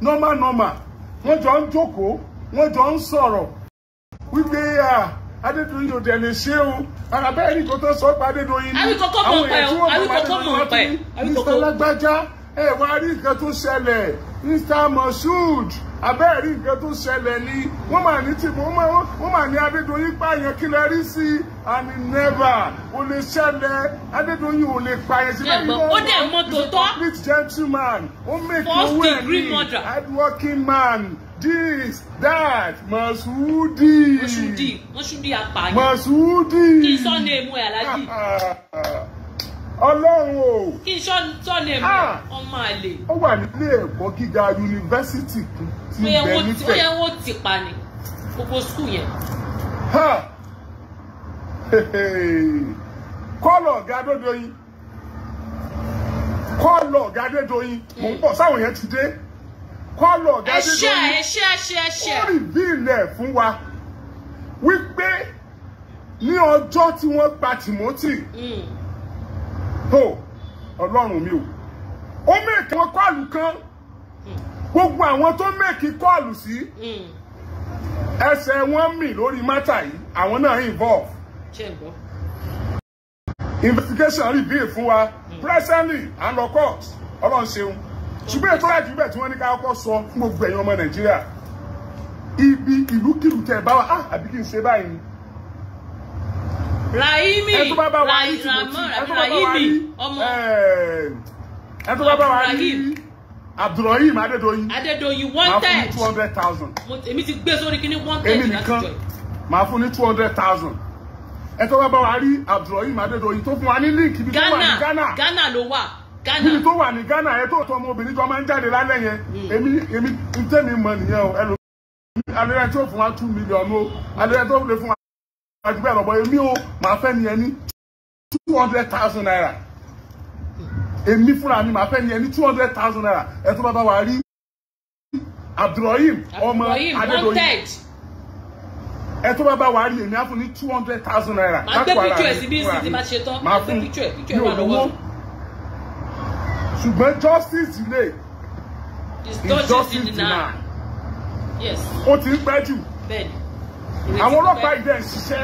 normal jọ ń jókòó wọ́n jọ ń sọ̀rọ̀ wípé Adédoyin ò dẹ̀ lè ṣe o àràbẹ́ ẹni kò tó sọ pé Adédoyin ni àwọn èèyàn tí wọ́n mọ̀ Adédoyin wá pé Mr Lágbájá ẹ wá rí nǹkan tó ṣẹlẹ̀ Mr Moshood abẹ́ rí nǹkan tó ṣẹlẹ̀ ni wọ́n mà ní tìbò wọ́n mà ní Adédoyin pààyàn kí lè rí sí i and never ò lè ṣẹlẹ̀ Adédoyin ò lè pààyàn sí lẹ́yìn náà ó dẹ̀ complete gentleman ó make owó ẹ̀ ní hardworking man this that masudi. masudi masudi apààyàn. masudi. kí n sọ ní emu ẹ aláàjì. (laughs) ọlọ́run o. kí n sọ ní emu ah. ọmọ àlè. ó wà nílé ẹ̀kọ́ gíga yunifásitì ti bẹ̀ nífẹ̀ẹ́. ó yẹ wọ́n ti pa ni gbogbo skul yẹn. kọ́lọ̀ (laughs) ọ̀gá adódoyin kọ́lọ̀ ọ̀gá adódoyin mò ń bọ̀ sáwọn yẹn ti dé kọ́lọ̀ ọ̀gá dídó ní ó rìvíìlì ẹ̀ fún wa wípé ní ọjọ́ tí wọ́n pa Timothy tó ọlọ́run mi ò ó mèkì wọn kọ́ọ̀lù kan hmm. gbogbo àwọn tó mèkì kọ́ọ̀lù sí hmm. ẹsẹ̀ wọn mì lórí mátà yìí àwọn náà involve investigation reveal fún wa hmm. presently and of course ọlọ́run ṣeun ṣùgbọ́n ètò ìrajú bẹ́ẹ̀ tí wọ́n ní ká kọ́kọ́ sọ fún gbogbo ẹ̀yin ọmọ nàìjíríà ibi ìlúkìlù tẹ̀ bá wa ah, àbí kí n ṣe báyìí Rahimi Rahimi ọmọ ẹtú bá bá wa rí Abdulrahim Adedoyin Adedoyin one third máa fún ní two hundred thousand èmi ti gbé sórí kíní one third èmi nìkan máa fún ní two hundred thousand ẹtú bá bá wa rí Abdulrahim Adedoyin tó fún wa ní líǹkì bí tó wà ní Ghana Ghana ló wà níbi tó wà ní Ghana ẹ tó tọ ọmọbìnrin tó máa ń jáde lálẹ́ yẹn hmm. èmi èmi ntẹ́mi mọ̀ nìyẹn o ẹlò alẹ́rẹ́ tó fún wa two million o alẹ́rẹ́ tó lè fún wa ju bẹ́ẹ̀ lọ bọ́ èmi o màá fẹ́ ni ẹni two hundred thousand naira èmi fúnra mi màá fẹ́ ni ẹni two hundred thousand naira ẹ tó bá bá wa rí Abdulrahim ọmọ Adédoyin ẹ tó bá bá wa rí èmi á fún ní two hundred thousand naira. màá gbé píkì ẹ̀ síbí ìsìn tí màá ṣe tán màá gbé píkì ẹ̀ píkì ẹ̀ wà ṣùgbọ́n justice delay injustice deny ó ti ń pẹ́ jù àwọn ọlọ́pàá ìdẹ́ ń ṣiṣẹ́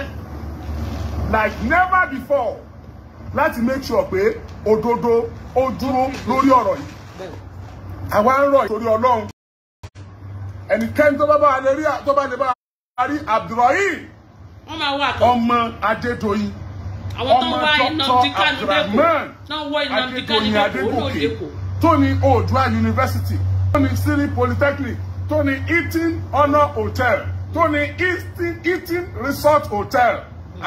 like never before láti make sure pé òdodo ó dúró lórí ọ̀rọ̀ yìí àwa ń rọ̀ ìtorí ọlọ́run ẹnikẹ́ni tó bá bá lè rí tó bá lè bá rí Abdulrahim ọmọ Adédoyin àwọn tó ń wá iná ti kánidẹ́kù náà wọ iná ti kánidẹ́kù olóòdekò. tóní oòdùà university tóní city polytechnic tóní eating honour hotel tóní eating resort hotel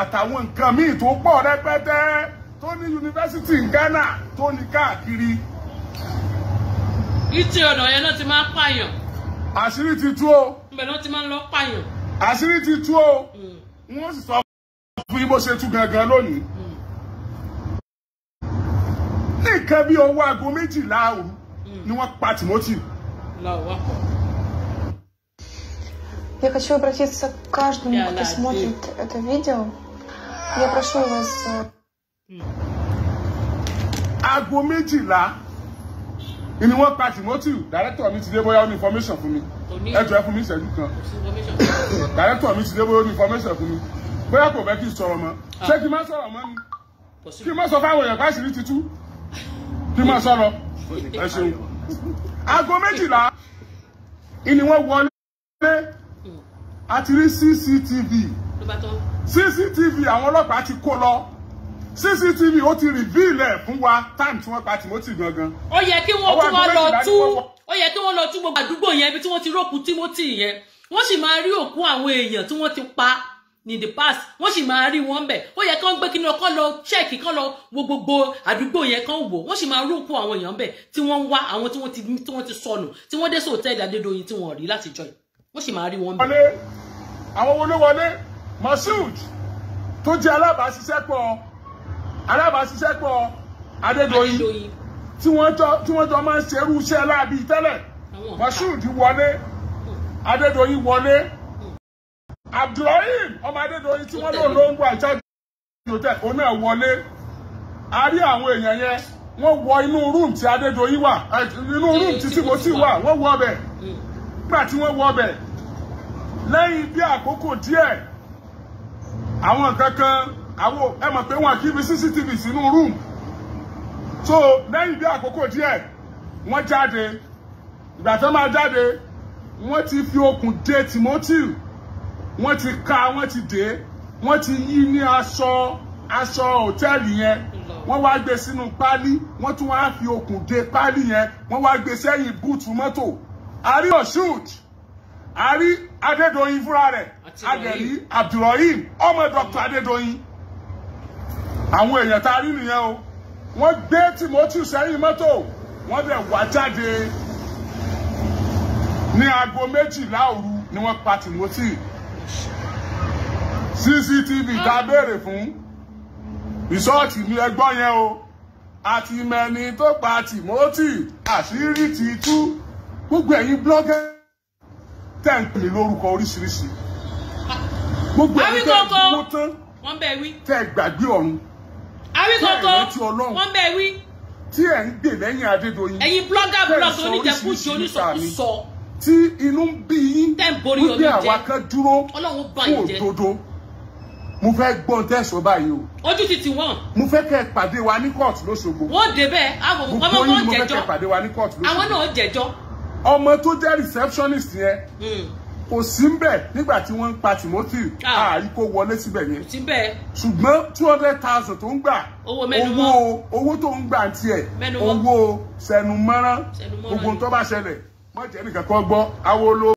àtàwọn nǹkan míì tó pọ̀ rẹpẹtẹ tóní university ghana tóní káàkiri. ìtì ọ̀nà yẹn náà ti máa ń pààyàn. àṣírí ti tú o. ibẹ̀ náà ti máa ń lọ pààyàn. àṣírí ti tú o. Hmm. wọ́n sì sọ fún yín bó ṣe tú gangan lónìí ní nǹkan bí owó aago méjìlá òru ni wọ́n pa Timothy. Я хочу обратиться к каждому, кто смотрит это видео. Я прошу вас... Э, aago méjìlá ni wọ́n pa Timothy director mi ti dé bóyá ó ní information fún mi ẹ jọ̀ọ́ ẹ fún mi ìṣẹ́jú kan director mi bóyá kò bẹ́ kí n sọ̀rọ̀ mọ́ ah. ṣé kí n má sọ̀rọ̀ mọ́ ni kí n má sọ fáwọn èèyàn káṣírí ti tú kí n má sọ̀rọ̀ ẹ ṣeun. aago méjìlá ni wọ́n wọlé àti hmm. rí cctv cctv àwọn ọlọ́pàá ti kó lọ cctv ó ti reveal ẹ̀ fún wa time tí wọ́n pa timothy gangan. ó yẹ kí wọ́n tún wọ́n lọ tú ó yẹ kí wọ́n lọ tú gbogbo àdúgbò yẹn ibi tí wọ́n ti rókun timothy yẹn wọ́n sì máa rí òkú àwọn èèyàn tí wọ́n ti pa in the past wọ́n sì máa rí wọn bẹ̀ ó yẹ kí wọ́n gbé kí ni ọkọ lọ ṣẹ́ẹ̀kì kán lọ wo gbogbo àdúgbò yẹn kán wò wọ́n sì máa rúkú àwọn èèyàn bẹ̀ tí wọ́n ń wá àwọn tí wọ́n ti sọnù tí wọ́n dé sòtẹ́ẹ̀lì Adédoyin tí wọ́n rí látijọ́ yìí wọ́n sì máa rí wọn bẹ̀. àwọn olówọlé Mashood tó jẹ́ alábàáṣiṣẹ́pọ̀ alábàáṣiṣẹ́pọ̀ Adédoyin tí wọ́n jọ máa ń ṣerú iṣẹ́ láabi tẹ́lẹ̀ Mashood wọlé Adédoyin wọlé abdulrahim ọmọ adédọyìn tí wọ́n lò ló ń gbọ́ àjáde hotel òun náà wọlé a rí àwọn èèyàn yẹn wọ́n wọ inú rúùm tí adédọyìn wà inú rúùm tí timothy wà wọ́n wọ ọbẹ̀ nígbà tí wọ́n wọ ọbẹ̀ lẹ́yìn bí àkókò díẹ̀ àwọn kankan àwọn ẹ mọ̀ pé wọ́n kì í fi cctv sínú rúùm so lẹ́yìn bí àkókò díẹ̀ wọ́n jáde ìgbà tó máa jáde wọ́n ti fi okùn dé timothy wọ́n ti ká wọ́n ti dé wọ́n ti yí ní aṣọ aṣọ hòtẹ́ẹ̀lì yẹn wọ́n wá gbé sínú páálí wọ́n tún wá fi okùn dé páálí yẹn wọ́n wá gbé sẹ́yìn búùtù mọ́tò àrí ọ̀ṣùd àrí adédọ̀yìn fúnra rẹ̀ adẹ̀rí abdulrahim ọmọ dr adédọ̀yìn àwọn èèyàn tá a rí nìyẹn o wọ́n gbé timothy sẹ́yìn mọ́tò wọ́n dẹ̀ wá jáde ní aago méjìlá òru ni wọ́n pa timothy cctv tá a ah. béèrè fún rìsọ́ọ̀tì mi ẹgbọ́n yẹn o àti mẹ́ni tó pa timothy àṣírí ti tú gbogbo ẹ̀yin blọ́gẹ́ tẹ̀ ń pè lórúkọ oríṣiríṣi gbogbo ẹ̀yin tẹ̀ ń kú tán tẹ̀ gbàgbé ọ̀run tí ọlọ́run tí ẹ̀ ń gbè lẹ́yìn adédoyin ẹ̀yin blọ́gà blọ́gà oníjẹkújẹ tí inú ń bí yín wípé àwa kan dúró kó òdodo mo fẹ́ gbọ́n tẹ̀sán báyìí o. ojú ti tì wọ́n. mo fẹ́ kẹ́ pàdé wa ní court lóṣogbo. wọ́n débẹ̀ àwọn ọmọ wọn jẹ́jọ́ gbogbo yín mo fẹ́ kẹ́ ẹ pàdé wa ní kóòtù lóṣogbo. àwọn náà jẹ́jọ́. ọmọ tó jẹ́ receptionist yẹn hmm. kò sí ń bẹ̀ nígbà tí wọ́n ń pa Timothy ààrí ah. kó wọlé síbẹ̀ yẹn ṣùgbọ́n two hundred thousand tó ń gbà owó owó tó ń gbà tiẹ̀ owó sẹnumọ́rán gbogbo tó bá ṣẹlẹ̀ mọ̀jẹ̀ nìkan kan gbọ́ awo ló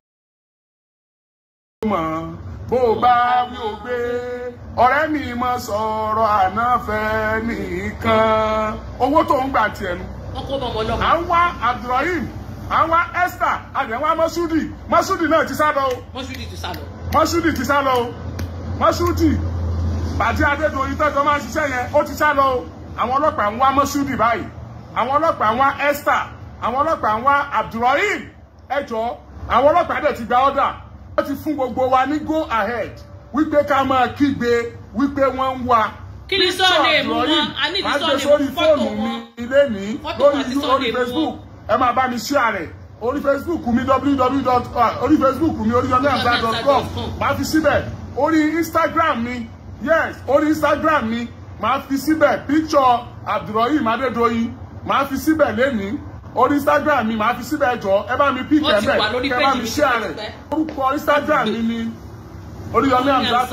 mọ̀ bó o bá wí o gbé ọ̀rẹ́ mi mọ sọ̀rọ̀ ànáfẹ́ nìkan owó tó ń gbà tiẹ̀ nu. à ń wá abdulrahim à ń wá esther àdéhùn mọ́ṣúdì mọ́ṣúdì náà ti sá lọ o. mọ́ṣúdì ti sá lọ. mọ́ṣúdì ti sá lọ o mọ́ṣúdì bàtí adédoyin tọ́jọ́ máa ń ṣiṣẹ́ yẹn ó ti sá lọ o àwọn ọlọ́pàá ń wá mọ́ṣúdì báyìí àwọn ọlọ́pàá ń wá esther àwọn ọlọ́pàá ń wá abdulrahim ẹjọ́ àwọn ọlọ́pàá dẹ̀ ti gba ọ́dà wọ́n ti fún gbogbo wa ní go ahead wípé ká máa kígbe wípé wọ́n ń wa kí ni sọ́ọ̀nì mú wọn a ní ní sọ́ọ̀nì mú fọ́tò wọn ilé ní lórí lórí Facebook ẹ máa bá mi share rẹ̀ orí Facebook mi www orí Facebook mi oriyomiagba.com máa fi síbẹ̀ orí Instagram mi yes orí Instagram mi máa fi síbẹ̀ picture Abdulrahim Adédoyin máa fi síbẹ̀ lẹ́nìí orí Instagram mi máa fi síbẹ̀ jọ ẹ bá mi pick ẹ̀ bẹ́ẹ̀ kẹ bá mi share rẹ̀ orúkọ Instagram mi ni. Oríyọmí Hamzat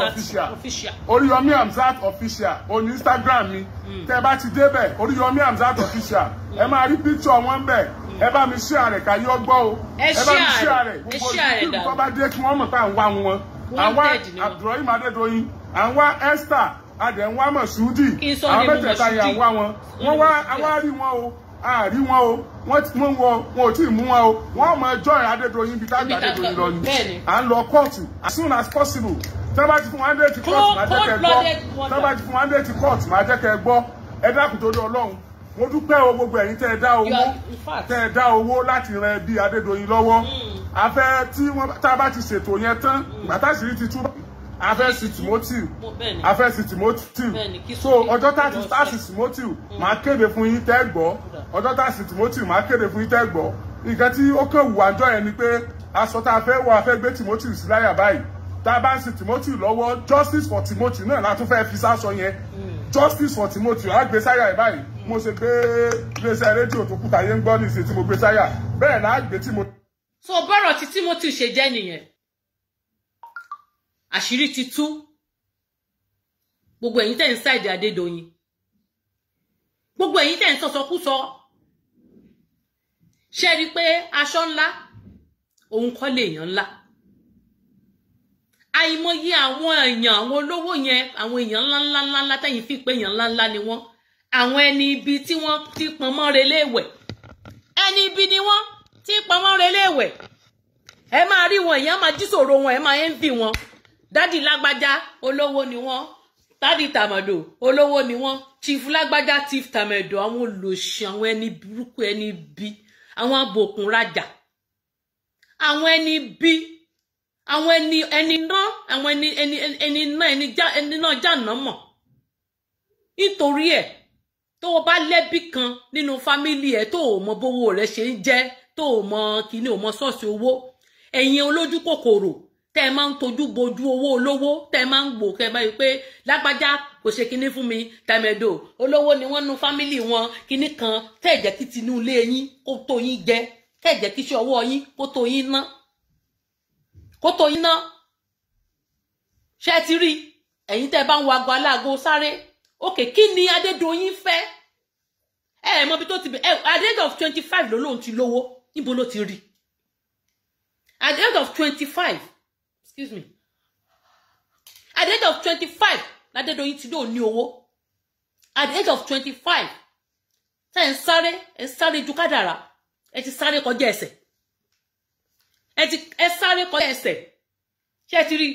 official Oríyọmí Hamzat official On Instagram mi hmm. tẹ́ bá ti débẹ̀ Oríyọmí Hamzat official hmm. ẹ máa rí picture wọn bẹ̀ hmm. ẹ bá mi share rẹ̀ ká yọ gbọ́ o ẹ bá mi share rẹ̀ gbogbo ìlú tó bá dé kí wọ́n mọ̀ pé à ń wá wọn àwa Abdulrahim Adédoyin à ń wá Esther adẹ̀ ń wá Mọ̀súdì àwọn mẹ́tẹ̀ẹ̀ta yẹn à ń wá wọn wọ́n wá àwa rí wọn o àrí wọn o wọ́n ti mú wọn wọn ò tí ì mú wọn o wọ́n mọ ẹjọ́ ẹ̀ Adédoyin bíi tágbà Adédoyin lọ ni à ń lọ kóòtù as soon as possible tẹ́bá ti fún wọn déètì kóòtù máa jẹ́ kẹ́ gbọ́ tẹ́bá ti fún wọn déètì kóòtù máa jẹ́ kẹ́ gbọ́ ẹ dákun torí Ọlọ́run mo dúpẹ́ o gbogbo ẹ̀yin tẹ́ ẹ dá owó tẹ́ ẹ dá owó láti ran ẹbí Adédoyin lọ́wọ́ hmm. afẹ́ tí wọ́n tá a bá ti ṣètò yẹn tán gbàtàṣírí hmm. ti túbọ̀ a fẹ́ sí Timothy a fẹ́ sí Timothy so ọjọ́ tá a ti tá sí Timothy máa mm. kéde fún yín tẹ́ gbọ́ ọjọ́ tá a sí Timothy máa kéde fún yín tẹ́ gbọ́ nǹkan tí ó kàn wù àjọ yẹn ni pé aṣọ tá a fẹ́ wọ a fẹ́ gbé Timothy sí láyà báyìí tá a bá ń sí Timothy lọ́wọ́ justice for Timothy náà la tún fẹ́ fi sáṣọ yẹn mm. justice for Timothy á gbé sáyà ẹ̀ báyìí mm. mo ṣe gbé iléeṣẹ́ rédíò tó kúta yẹn ń gbọ́ níṣẹ́ tí mo gbé sáyà bẹ́ẹ̀ náà á gbé Timothy. so bọ́rọ̀ tí Timothy ṣe jẹ́ nìyẹn àṣírí ti tú gbogbo ẹ̀yin tẹ́ ń ṣáìdì Adédoyin gbogbo ẹ̀yin tẹ́ ń sọ̀sọ̀kúsọ ṣe rí i pé aṣọ ńlá òun kọ́ lèèyàn ńlá àìmọye àwọn èèyàn àwọn olówó yẹn àwọn èèyàn ńláńláńlá tẹ̀yìn fi pé èèyàn ńláńlá ni wọ́n àwọn ẹni ibi tí wọ́n ti pọnmọ́ reléèwẹ̀ ẹni ibi ni wọ́n ti pọnmọ́ reléèwẹ̀ ẹ máa rí wọn èèyàn máa jísòro wọn ẹ máa ẹ́ ń bì wọn dádì lágbájá olówó ni wọ́n dádì tàmàdò olówó ni wọ́n chief lágbájá chief tàmàdò àwọn olòṣì àwọn ẹni burúkú ẹni bí àwọn abòkùn rajà àwọn ẹni bí àwọn ẹni ẹni náà àwọn ẹni ẹni ẹni náà ẹni já ẹni náà já nà mọ̀ nítorí ẹ̀ tó o bá lẹ́bí kan nínú fámílì ẹ̀ tó o mọ bówó rẹ̀ ṣe ń jẹ́ tó o mọ kíní o mọ ṣọ́ọ̀ṣì owó ẹ̀yin olójú kòkòrò tẹ́ ẹ máa ń tojú bojú owó olówó tẹ́ ẹ máa ń gbò kẹ́ ẹ báyìí pé lágbájá kò ṣe kinní fún mi tẹ̀mẹ̀dò olówó ni wọ́n nu fámìlì wọn kinní kan tẹ́ ẹ jẹ́ kí tinú ilé yín kó tó yín jẹ tẹ́ ẹ jẹ́ kí iṣẹ́ ọwọ́ yín kó tó yín ná kó tó yín ná ṣé ẹ ti rí ẹ̀yin tẹ́ ẹ bá ń wo aago aláago sáré òkè kí ni Adédoyin fẹ́ ẹ ẹ mọ̀ bí tó ti bẹ ẹ at the of twenty five ló lóun ti lówó níbo ló ti rí at the of twenty five excuse me at the age of twenty-five ládédọ̀yìn ti dóò ní owó at the age of 25 five tẹ́ ẹ̀ ń sáré ẹ̀ ń sáré ju kádàrá ẹ ti sáré kọjá ẹsẹ̀ ẹ ti ẹ sáré kọjá ẹsẹ̀ ṣé ti rí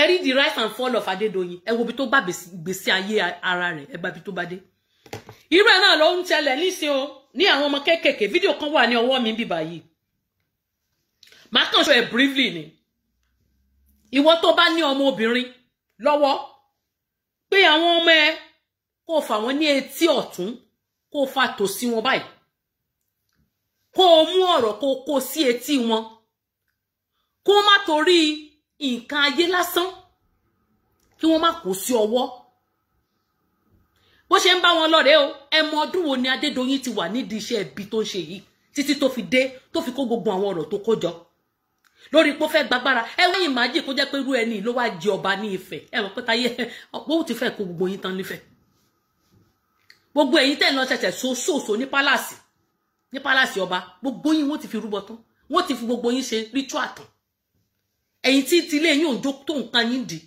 ẹ the rise and fall of Adédoyin ẹ wo ibi tó bá gbèsè ayé ara rẹ̀ ẹ gba ibi tó bá dé irú ẹ̀ náà ló ń ṣẹlẹ̀ nísìnyí o ní àwọn ọmọ kéékèèké fídíò kan wà ní ọwọ́ mi bíbá yìí màá kàn sọ ẹ̀ briefly ni. ìwọ tó bá ní ọmọ obìnrin lọ́wọ́ pé àwọn ọmọ ẹ kó fà wọ́n ní etí ọ̀tún kó fà tòsí wọn báyìí kó o mú ọ̀rọ̀ kó o kó sí etí wọn kó má torí nǹkan ayé lásán kí wọ́n má kó sí ọwọ́ bó ṣe ń bá wọn lọ́rẹ̀ẹ́ o ẹ ọdún wo ni Adédoyin ti wà nídìí iṣẹ́ ibi tó ń ṣe yìí títí tó fi dé tó fi kó gbogbo àwọn ọ̀rọ̀ tó kó jọ lórí pé ó fẹ́ gbàgbára ẹ wọ́n ìmájì kó jẹ́ pé irú ẹni ló wá jẹ ọba ní Ifẹ̀ ẹ wọ́n pé táyé ọ̀pọ̀ ò ti fẹ́ kó gbogbo yín tán nífẹ̀ gbogbo ẹ̀yin tẹ̀ lọ ṣẹ̀ṣẹ̀ sóṣòṣò ní pálàsì ní pálàsì ọba gbogbo yín wọ́n ti fi rúbọ tán wọ́n ti fi gbogbo yín ṣe ritual tán ẹ̀yin tí ti ilé yín òǹjó tó nǹkan yín dì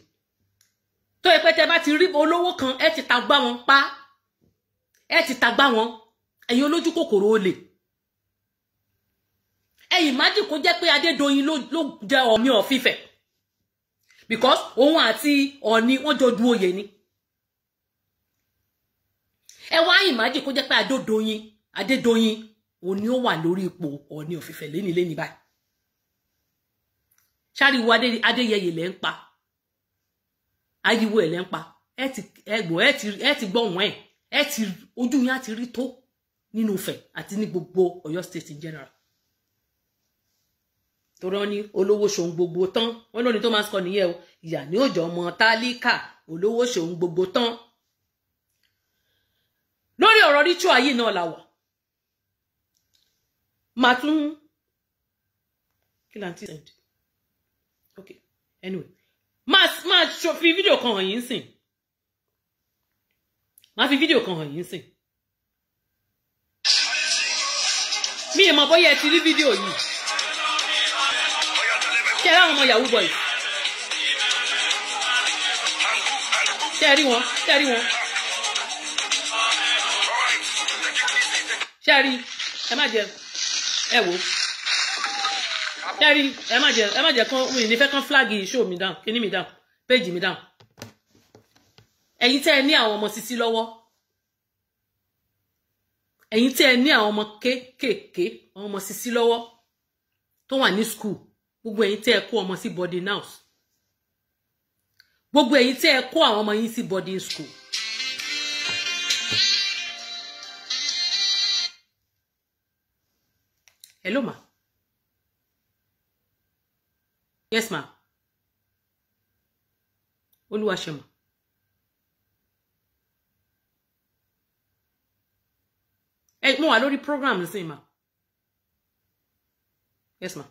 tó yẹ pé tẹ bá ti rí olówó kan ẹ ti ta gbá wọn pa ẹ ti ta gbá wọn ẹ̀yin olójú kòkòrò olè ẹ̀yìn májì kó jẹ́ pé Adédoyin ló jẹ́ Ọ̀ọ̀ni of Ifẹ̀ because òun àti Ọ̀ọ̀ni wọ́n jọ du oyè ni ẹ wá ẹ̀yìn májì kó jẹ́ pé Adédoyin Adédoyin òun ni ó wà lórí ipò Ọ̀ọ̀ni of Ifẹ̀ lẹ́ni lẹ́ni báyìí ṣáàriwo Adéyẹyè lẹ́ ń pa ariwo ẹ̀ lẹ́ ń pa ẹ ti ẹgbọ́ ẹ ti gbọ́ wọ́n ẹ̀ ẹ ti ojú yín á ti rí tó nínú Ifẹ̀ àti ní gbogbo Ọ̀yọ́ state in general tó rán ní olówó ṣòun gbogbo tán wọn lónìí tó máa ń sọ nìyẹn o ìyà ní òjò ọmọ tálíkà olówó ṣòun gbogbo tán. lórí ọ̀rọ̀ ritual yìí náà la wà màá tún kí là ń tí send ok anyway máa máa fi fídíò kan hàn yín sìn máa fi fídíò kan hàn yín sìn mi ì mọ̀ bóyá ẹ ti rí fídíò yìí ṣe ẹ ráwọn ọmọ yahoo boy ṣe ẹ rí wọn ṣe ẹ rí wọn ṣe ẹ rí ẹ má jẹ ẹ wò ṣe ẹ rí ẹ má jẹ ẹ má jẹ kán mi ní fẹ́ kán flagi show mi down kíní mi down péjì mi down ẹ̀yin tẹ́ ẹ ní àwọn ọmọ sisi lọ́wọ́ ẹ̀yin tẹ́ ẹ ní àwọn ọmọ kéékèèké àwọn ọmọ sisi lọ́wọ́ tó wà ní school gbogbo ẹ̀yin tẹ́ ẹ kó ọmọ sí boarding house gbogbo ẹ̀yin tẹ́ ẹ kó àwọn ọmọ yín sí boarding school. hello ma yes ma olúwaṣẹ́mà. ẹ mo wà lórí program nísìnyí ma yes ma.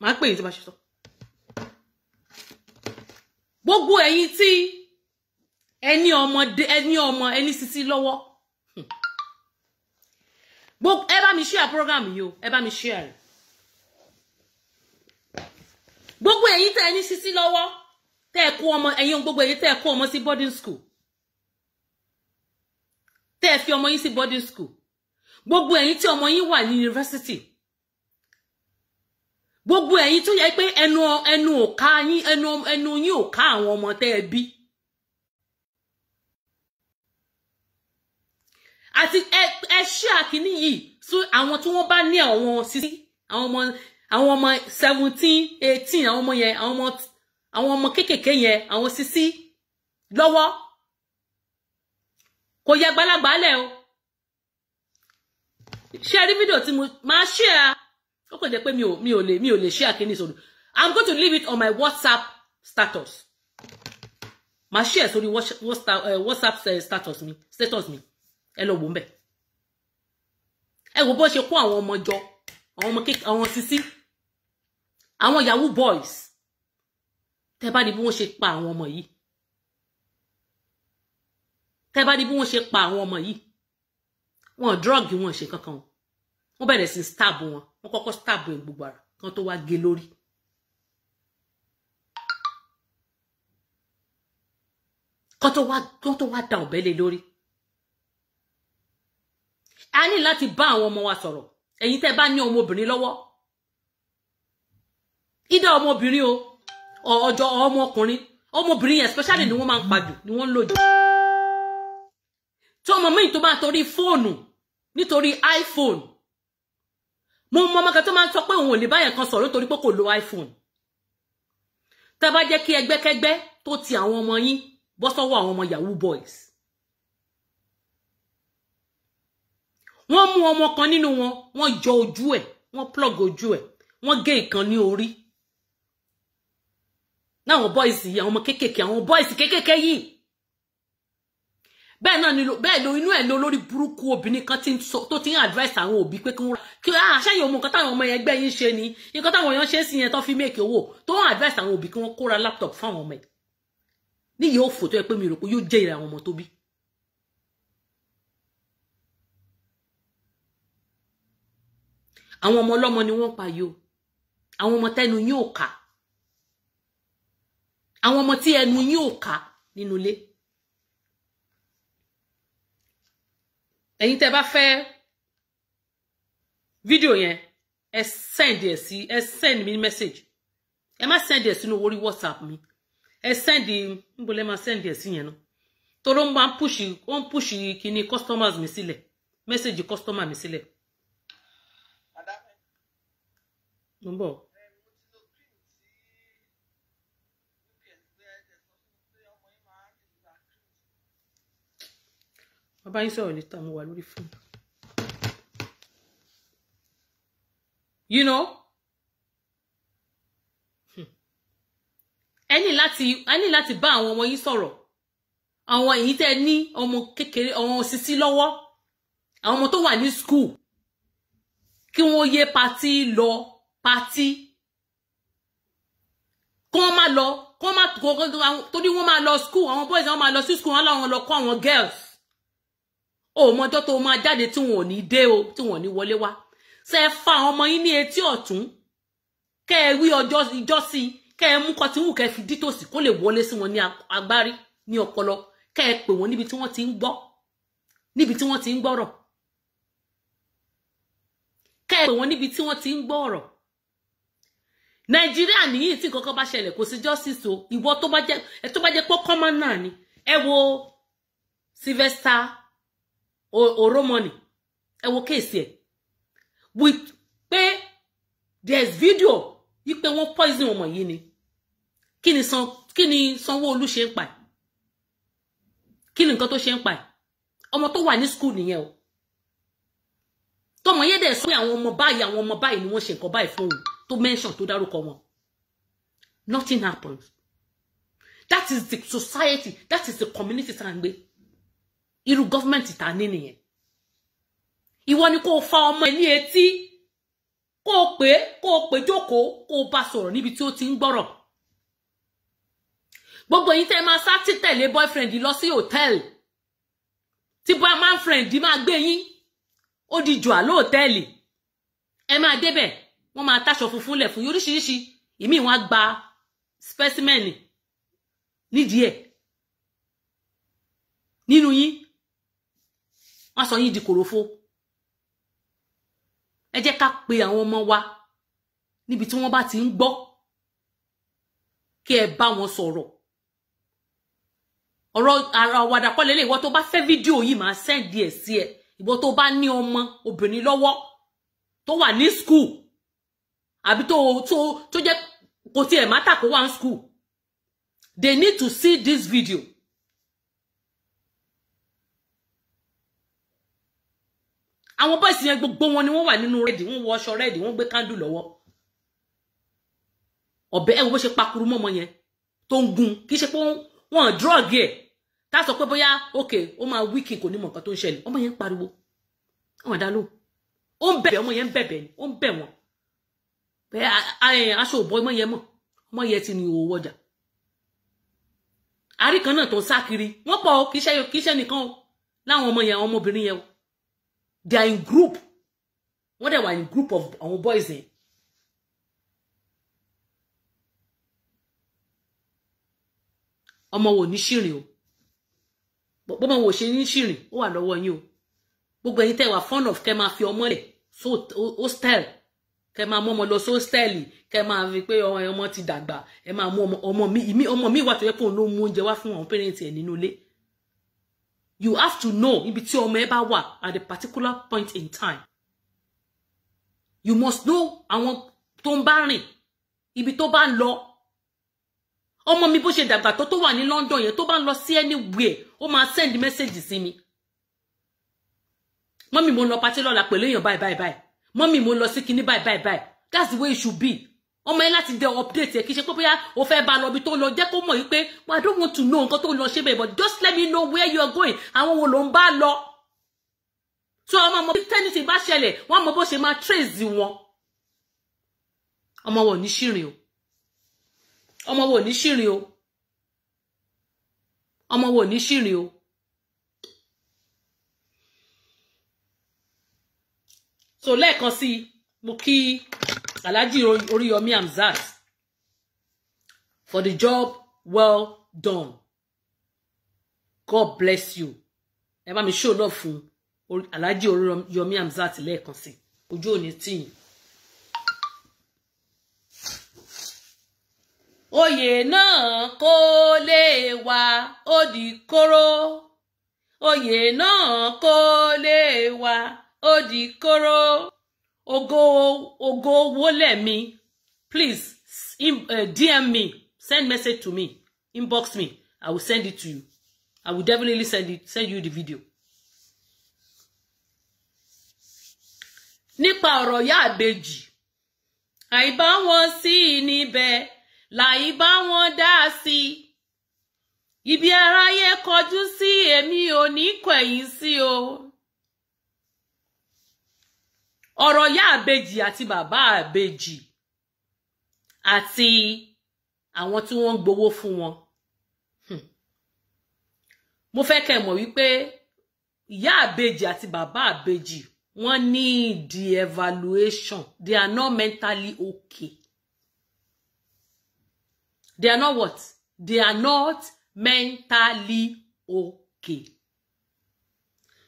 màá pè yín tí màá ṣe sọ. gbogbo ẹ̀yin tí ẹni ọmọ ẹni ọmọ ẹni sisi lọ́wọ́ hmm. gbogbo ẹ bá mi share program yìí o ẹ bá mi share rẹ̀ gbogbo ẹ̀yin tẹ́ ẹni sisi lọ́wọ́ tẹ́ ẹ kó ọmọ ẹ̀yin gbogbo ẹ̀yin tẹ́ ẹ kó ọmọ sí boarding school tẹ́ ẹ fi ọmọ yín sí boarding school gbogbo ẹ̀yin tí ọmọ yín wà ní yunifásitì gbogbo ẹ̀yin tó yẹ pé ẹnu ẹnu ò ká yín ẹnu ẹnu yín ò ká àwọn ọmọ tẹ́ ẹ bí. àti ẹ ẹ ṣí àkíní yìí so àwọn tí wọ́n bá ní àwọn sisi àwọn ọmọ àwọn ọmọ seventeen eighteen àwọn ọmọ yẹn àwọn ọmọ àwọn ọmọ kéékèèké yẹn àwọn sisi lọ́wọ́ kò yẹ gbalagbálẹ̀ o ṣé ẹ rí fídíò tí mo máa ṣe à ó kò jẹ́ pé mi ò mi ò lè mi ò lè share kíní sórí i'm going to leave it on my whatsapp status màá share sórí eh, whatsapp eh, status mi status mi ẹ lọ wò ń bẹ̀ ẹ wò bó ṣe kó àwọn ọmọ jọ àwọn ọmọ kékeré àwọn sisi àwọn yahoo boys tẹ bá ní bí wọ́n ṣe pa àwọn ọmọ yìí tẹ bá ní bí wọ́n ṣe pa àwọn ọmọ yìí wọ́n drug wọ́n ṣe kankan wọ́n bẹ̀rẹ̀ sí stab wọn wọ́n kọ́kọ́ stab ẹ̀ gbogbo ara kan tó wá gé lórí. kan tó wá kan tó wá da ọ̀bẹ lé lórí. a ní láti bá àwọn ọmọ wa sọ̀rọ̀ ẹ̀yin tẹ́ bá ní ọmọbìnrin lọ́wọ́ ìdá ọmọbìnrin o ọjọ́ ọmọkùnrin ọmọbìnrin yẹn especially ni wọ́n máa ń pàjù ni wọ́n ń lò jù tí ọmọ míì tó bá torí fóònù nítorí iPhone mo mọ ọmọ kan tó máa ń sọ pé òun ò lè báyẹn kan sọ̀rọ̀ torí pé kò lo iphone tá a bá jẹ́ kí ẹgbẹ́kẹ́gbẹ́ tó ti àwọn ọmọ yín bọ́ sọ́wọ́ àwọn ọmọ yahoo boys wọ́n mú ọmọ kan nínú wọn wọ́n jọ ojú ẹ̀ wọ́n plug ojú ẹ̀ wọ́n gé ìkan ní orí náà àwọn boys yìí àwọn ọmọ kéékèèké àwọn boys kéékèèké yìí bẹ́ẹ̀ náà nílò bẹ́ẹ̀ lo inú ẹ̀ lo lórí burúkú obìnrin kan tó ti ń advice àwọn òbí pé kí wọ́n kí wọ́n àṣẹyìn ah, ọmọ nǹkan táwọn ọmọ yẹn gbẹ́ yín ṣe ni nǹkan táwọn èèyàn ṣe sí yẹn tó fi make owó tó ń advice àwọn òbí kí wọ́n kóra laptop fáwọn ọmọ ẹ̀ níyì ó fò tó yẹ pé mi rò pé yóò jẹ́ ìrẹ̀ àwọn ọmọ tó bí. àwọn ọmọ ọlọ́mọ ni wọ́n pa yo àwọn ọmọ tẹnu yín ká àwọn ọmọ tí ẹnu yín ká nínú ilé ẹ̀yin tẹ́ bá fẹ́ fídíò yẹn ẹ send ẹ sí ẹ send mi message ẹ má send ẹ sínú orí whatsapp mi ẹ send níbo lẹ máa send ẹ sí yẹn náà torí ó máa ń push ó ń push kíní customers mi sílẹ̀ message customer mi sílẹ̀. mo ń bọ̀. bàbá yín sọ̀rọ̀ létà mo wà lórí fóònù. you know hmm. ẹ ní láti ẹ ní láti bá àwọn ọmọ yín sọ̀rọ̀ àwọn èyí tẹ́ ní ọmọ kékeré ọmọ sisi lọ́wọ́ àwọn ọmọ tó wà ní school kí wọ́n yé patí lọ patí kí wọ́n má lọ kí wọ́n má torí wọ́n má lọ school àwọn boys wọ́n má lọ sí school wọ́n láwọn lọ kọ́ àwọn girls o mọjọ́ tó máa jáde tí wọn ò ní dé o tí wọn ò ní wọlé wá ṣe é fa àwọn ọmọ yín ní etí ọ̀tún kẹ́ ẹ wí ọjọ́ ìjọ́ sí i kẹ́ ẹ mú kọtíwù kẹ́ ẹ fi dítòsí kó lè wọlé sí wọn ní agbárí ní ọpọlọ kẹ́ ẹ pè wọ́n níbi tí wọ́n ti ń gbọ́ níbi tí wọ́n ti ń gbọ́rọ̀ kẹ́ ẹ pè wọ́n níbi tí wọ́n ti ń gbọ́ ọ̀rọ̀ nàìjíríà nìyí tí nǹkan kan bá ṣẹlẹ̀ kò sí justice o ìwọ tó bá jẹ́ pé common náà ni ẹ wo Sylvester òró money ẹ wo kéèsì ẹ with pé there's video yí pé wọ́n poison ọmọ yìí ni kí ni san kí ni Sanwó-Olú ṣe ń pa ẹ̀ kí ni nǹkan tó ṣe ń pa ẹ̀ ọmọ tó wà ní school nìyẹn o tọmọ yẹn dẹ̀ sọ pé àwọn ọmọ báyìí àwọn ọmọ báyìí ni wọ́n ṣe nǹkan báyìí fún òun tó mention tó dárúkọ wọn nothing happens that is the society that is the community tá à ń gbé Iru government ta ní nìyẹn ìwọ ni kò fa ọmọ ni ní etí kó o pè é kó o pè jókòó kó o bá sọ̀rọ̀ níbi tí ó ti ń gbọ́rọ̀ gbogbo yín tẹ́ máa sá títẹ̀lé boyfriend lọ sí hòtẹ́ẹ̀lì tí boyfriend máa gbé yín ó di jù àlọ́ hòtẹ́ẹ̀lì ẹ ma débẹ̀ wọ́n máa táṣọ funfun lẹ̀ fún yín oríṣiríṣi ìmí wọn á gba specimen nídìí ẹ̀ nínú yín wọ́n sọ yín di kòròfo ẹ jẹ́ ká pe àwọn ọmọ wa níbi tí wọ́n bá ti ń gbọ́ kí ẹ bá wọn sọ̀rọ̀ ọ̀rọ̀ ara àwàdà kọ́ lélẹ̀ ìwọ tó bá fẹ́ fídíò yìí máa sẹ́ǹdì ẹ̀ sí ẹ ìwọ tó bá ní ọmọ obìnrin lọ́wọ́ tó wà ní skul àbí tó tó tó jẹ́ kò tiẹ̀ má tà kó wà ní skul they need to see this video. àwọn bọ́ìsì yẹn gbogbo wọn ni wọ́n wà nínú rẹ́ẹ̀dì wọ́n wọ aṣọ rẹ́ẹ̀dì wọ́n gbé kándù lọ́wọ́ ọ̀bẹ ẹ̀ wò bó ṣe pakuru mọ́mọ yẹn tó ń gun kì í ṣe pé wọ́n dúrọ́ọ̀gì ẹ̀ tá a sọ pé bóyá òkè ó máa wíkì kò ní mọ̀ nǹkan tó ń ṣẹlẹ̀ ọmọ yẹn ń pariwo ọmọ ẹ̀dá ló ó ń bẹ̀bẹ̀ ọmọ yẹn ń bẹ̀bẹ̀ ni ó ń bẹ̀ wọ́n aṣọ òbọ̀ ọmọ yẹn mọ̀ ọmọ yẹn ti ní owó ọjà àrí kan náà tó ń sá kiri wọ́n pọ̀ kì í ṣe nìkan o láwọn ọmọ yẹn àwọn ọmọbìnrin yẹn o they are in group wọ́n dẹ̀ wà in group of our boys yẹn. ọmọ wo ní ṣìrìn o bọ́mọ wo ṣe ní ṣìrìn ó wà lọ́wọ́ yín o gbogbo ẹ̀yin tẹ́ wà fun of kẹ́ máa fi omo le so hostel kẹ́ máa mú ọmọ lọ sí hostel kẹ́ máa fi pé ọmọ ti dàgbà ẹ máa mú ọmọ mi omo mi wà tó yẹ kó ló mú oúnjẹ wá fún àwọn parents ẹ̀ nínú ilé you have to know ibi tí ọmọ ẹ bá wà at a particular point in time you must know àwọn tó ń bá rìn ibi tó bá lọ ọmọ mi bó ṣe dàgbà tó tó wà ní London yẹn tó bá ń lọ sí anywhere ó máa send message sí mi mọ́mì mo lọ patí lọ́la pẹ̀lú èèyàn báyìí báyìí báyìí mọ́mì mo lọ sí kinní báyìí báyìí báyìí that's the way it should be ọmọ yẹn láti dẹ update ẹ kì í ṣe pé bóyá o fẹ́ bá lọ ibi tó lọ jẹ́ kó mọ̀ yìí pé i don't want to know nǹkan tó lọ ṣe bẹ́ẹ̀ but just let me know where you are going àwọn wo ló ń bá lọ tí ọmọ ọmọ tẹ́nìtì bá ṣẹlẹ̀ wọ́n mọ bó ṣe máa trace wọn ọmọ wo ní ṣìrìn o ọmọ wo ní ṣìrìn o ọmọ wo ní ṣìrìn o. so lẹ́ẹ̀kan sí i mo kí Alhaji Oriyomi amzat for the job well done. God bless you. Ẹ bá mi show love fún Alhaji Oriyomi Hamzat lẹ́ẹ̀kan sí. Ojú ò ní tì yín. Oyè náà kó lè wá ó kóró. Oyè náà kó lè wá ó kóró ogo ogo wọlé mi please in, uh, eh, dm me send message to me inbox me i will send it to you i will definitely send it send you the video. nípa ọ̀rọ̀ ìyá àbèjì àìbá wọn sí i níbẹ̀ làìbá wọn dá sí i ibi aráyé kọjú sí èmi ò ní kọ̀yìn sí o ọ̀rọ̀ ìyá àbèjì àti bàbá àbèjì àti àwọn tí wọ́n ń gbowó fún wọn hmm. mo fẹ́ kẹ́ mọ̀ wípé ìyá àbèjì àti bàbá àbèjì wọ́n need evaluation they are not mentally okay they are not what they are not mentally okay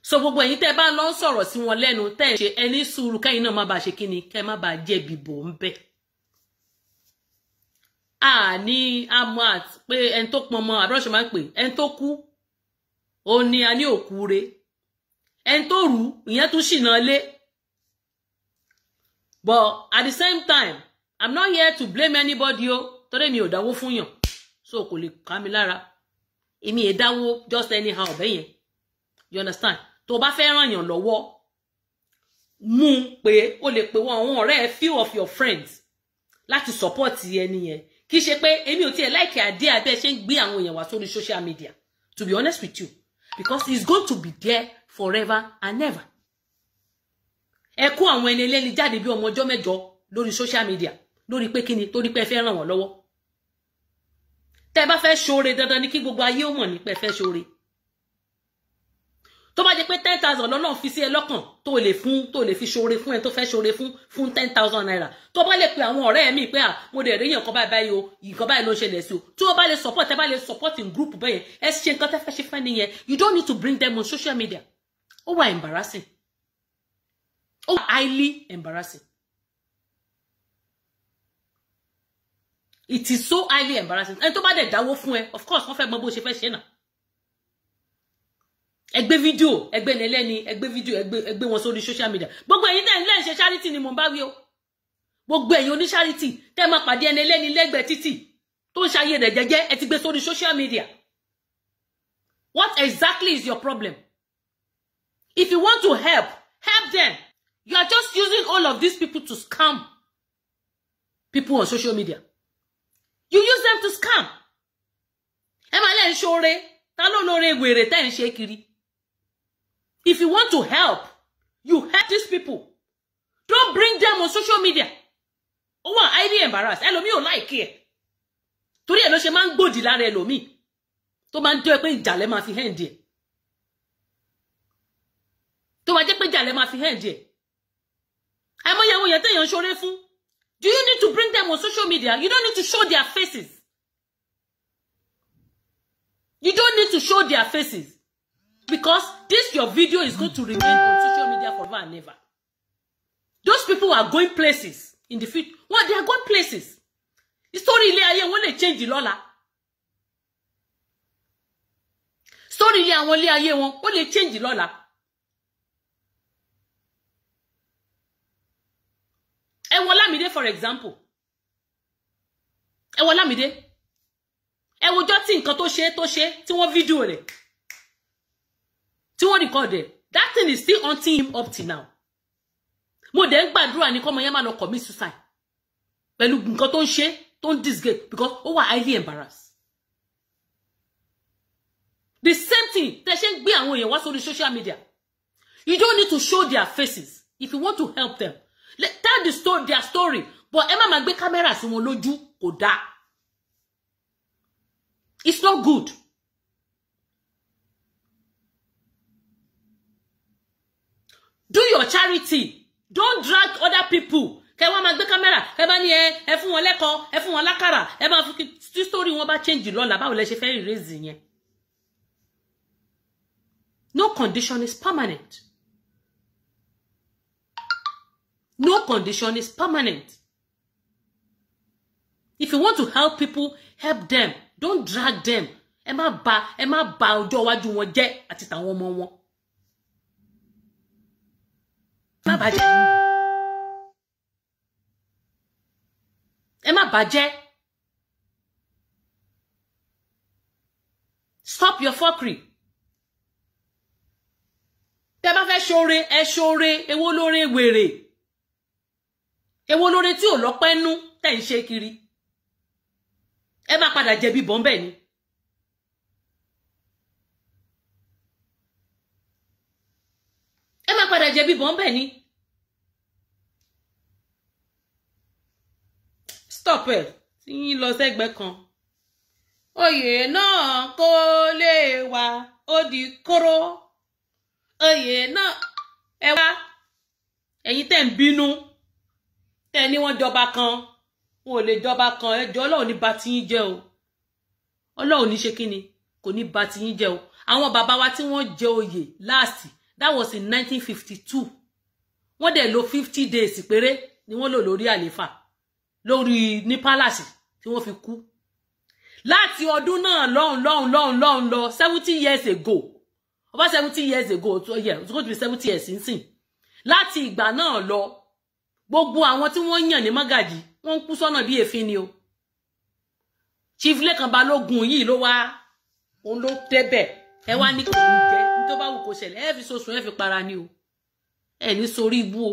so gbogbo ẹ̀yin tẹ́ ẹ bá lọ ń sọ̀rọ̀ sí wọn lẹ́nu tẹ́ ẹ ṣe ẹni sùúrù kẹ́yìn náà má bàa ṣe kíni kẹ́ má bàa jẹ̀bi bò ń bẹ̀. a ní amọ àti pé ẹni tó pọnmọ àbúrọ̀ṣẹ̀ máa ń pè ẹni tó kú ó ní a ní òkú re ẹni tó rù ìyẹn tún ṣìnà lé but at the same time i'm not here to blame anybody o torí mi ò dáwó fún yàn so kò lè ká mi lára èmi ẹ̀ dáwó just anyhow bẹ́yẹn you understand tó bá fẹ́ ràn yàn lọ́wọ́ mú un pé o lè pe wọn àwọn ọ̀rẹ́ ẹ few of your friends láti support ẹni yẹn kì í ṣe pé èmi ò tiẹ̀ láìkí àdé abẹ́ ṣe ń gbé àwọn èèyàn wá sórí social media to be honest with you because it's going to be there forever and ever ẹ kó àwọn ẹni ẹlẹ́ni jáde bí ọmọ ọjọ́ mẹ́jọ lórí social media lórí pé kíni torí pé ẹ fẹ́ ràn wọ́n lọ́wọ́ tẹ́ ẹ bá fẹ́ ṣoore dandan ni kí gbogbo ayé ó mọ̀ ní pé ẹ fẹ́ ṣoore tó bá jẹ pé ten thousand lọ́nà fi sí ẹ lọ́kàn tó lè fún tó lè fi ṣoore fún ẹ tó fẹ́ ṣoore fún fún ten thousand naira tó bá lè pe àwọn ọ̀rẹ́ ẹ̀ mi pé à mo lè rí yàn kan báyìí báyìí o nǹkan báyìí ló ń ṣẹlẹ̀ sí o tí o bá lè support ẹ bá lè support in group bẹ́yẹn ẹ ṣe nǹkan tẹ́ fẹ́ ṣe fẹ́ nìyẹn you don't need to bring them on social media ó wà embarrassing ó wà highly embarrassing it is so highly embarrassing ẹni tó bá dẹ̀ dáwó fún ẹ of course wọ́n fẹ́ mọ bó ṣe fẹ́ ṣe náà ẹgbẹ fídíò ẹgbẹ nẹlẹni ẹgbẹ fídíò ẹgbẹ wọn sórí social media gbogbo ẹ̀yin tẹ́ ń lẹ ṣe charity ni mò ń bá wí o gbogbo ẹ̀yin oní charity tẹ́ máa pàdé ẹni ẹlẹni lẹ́gbẹ̀ẹ́ títì tó ń ṣayé rẹ̀ jẹ́jẹ́ ẹ ti gbé sórí social media what exactly is your problem if you want to help help them you are just using all of these people to scam people on social media you use them to scam ẹ máa lẹ́ ń ṣoore ta ló lóore wèrè tẹ́ ń ṣe kiri If you want to help, you help these people. Don't bring them on social media. Ó wà highly embarrassed. Ẹlòmíì ò like ẹ̀. Torí ẹ̀ ló ṣe máa ń gbòdì lára ẹlòmíì. Tó máa ń jẹ́ pé ìjàlẹ̀ máa fi hẹ́ǹdì ẹ̀. Tó máa jẹ́ pé ìjàlẹ̀ máa fi hẹ́ǹdì ẹ̀. Àìmọye àwọn èèyàn téèyàn ṣoré fún. Do you need to bring them on social media? You don't need to show their faces. You don't need to show their faces because this your video is going to remain on social media forever and ever. Those people are going places in the future. Well, they are going places. Story ilé ayé wọn lè change lọ́la. Story ilé àwọn ilé ayé wọn ó lè change the lola. wo Lámìdé for example. Ẹ wo Lámìdé. Ẹ wojọ́ tí nǹkan tó ṣe tó ṣe tí wọ́n fídíò tí wọ́n record ẹ̀ that thing is still haunting him up till now mo dẹ̀ ń gbàdúrà ní kọ́mọ yẹn máa lọ commit suicide pẹ̀lú nǹkan tó ń ṣe tó ń disgrace because ó wà highly embarrassed the same thing tẹ ṣe ń gbé àwọn èèyàn wá sórí social media you don't need to show their faces if you want to help them Let, tell the story their story but ẹ má máa gbé kámẹ́rà sí wọn lójú kò dáa it's not good. do your charity don't drag other people kẹ wọn máa gbé kámẹ́rà kẹ bá ní ẹ ẹ fún wọn lẹ́kọ̀ọ́ ẹ fún wọn lákàrà ẹ máa fi tí story wọn bá change lọ́la báwo lẹ ṣe fẹ́ erase yẹn no condition is permanent no condition is permanent if you want to help people help them don't drag them ẹ má bà ẹ má bà ọjọ́ iwájú wọn jẹ́ àti tàwọn ọmọ wọn má bàjẹ́ ẹ má bàjẹ́ stop your fokiri tẹ bá fẹ́ ṣoore ẹ ṣoore èwo lóore wèrè èwo lóore tí ò lọ́pẹ́ nú tẹ̀ ń ṣe kiri ẹ má padà jẹ̀bi bọ́ńbẹ́ ni. ẹ máa padà jẹ̀bi bọ́ńbẹ́ ni. stop ẹ̀ tí yín lọ sẹ́gbẹ́ kan. oyè náà kó lè wá ó di kóró oyè náà ẹ wá ẹ̀yin tẹ̀ ń bínú tẹ̀ ní wọ́n jọba kan wọn ò lè jọba kan ẹjọ́ ọlọ́run ní ba tiyín jẹ́ o ọlọ́run ní ṣe kí ni kò ní ba tiyín jẹ́ o àwọn bàbá wa tí wọ́n jẹ oyè láàsì that was in 1952 wọ́n dẹ̀ lo 50 days péré ni wọ́n lò lórí àléfà lórí ní palace tí wọ́n fi kú láti ọdún náà lọ́hùn lọ́hùn lọ́hùn lọ́hùn lọ 70 years ago About 70 years ago yeah it's going to be 70 years since. láti ìgbà náà lọ gbogbo àwọn tí wọ́n yàn ní mágàjì wọ́n ń kú sọ́nà bí èéfín ni o chief lẹ́kan balógun yìí ló wá òun ló débẹ̀ ẹ wá ní kí n tó bá wù kó ṣẹlẹ̀ ẹ fi sosùn ẹ fi para ni o ẹ ní sórí ibú o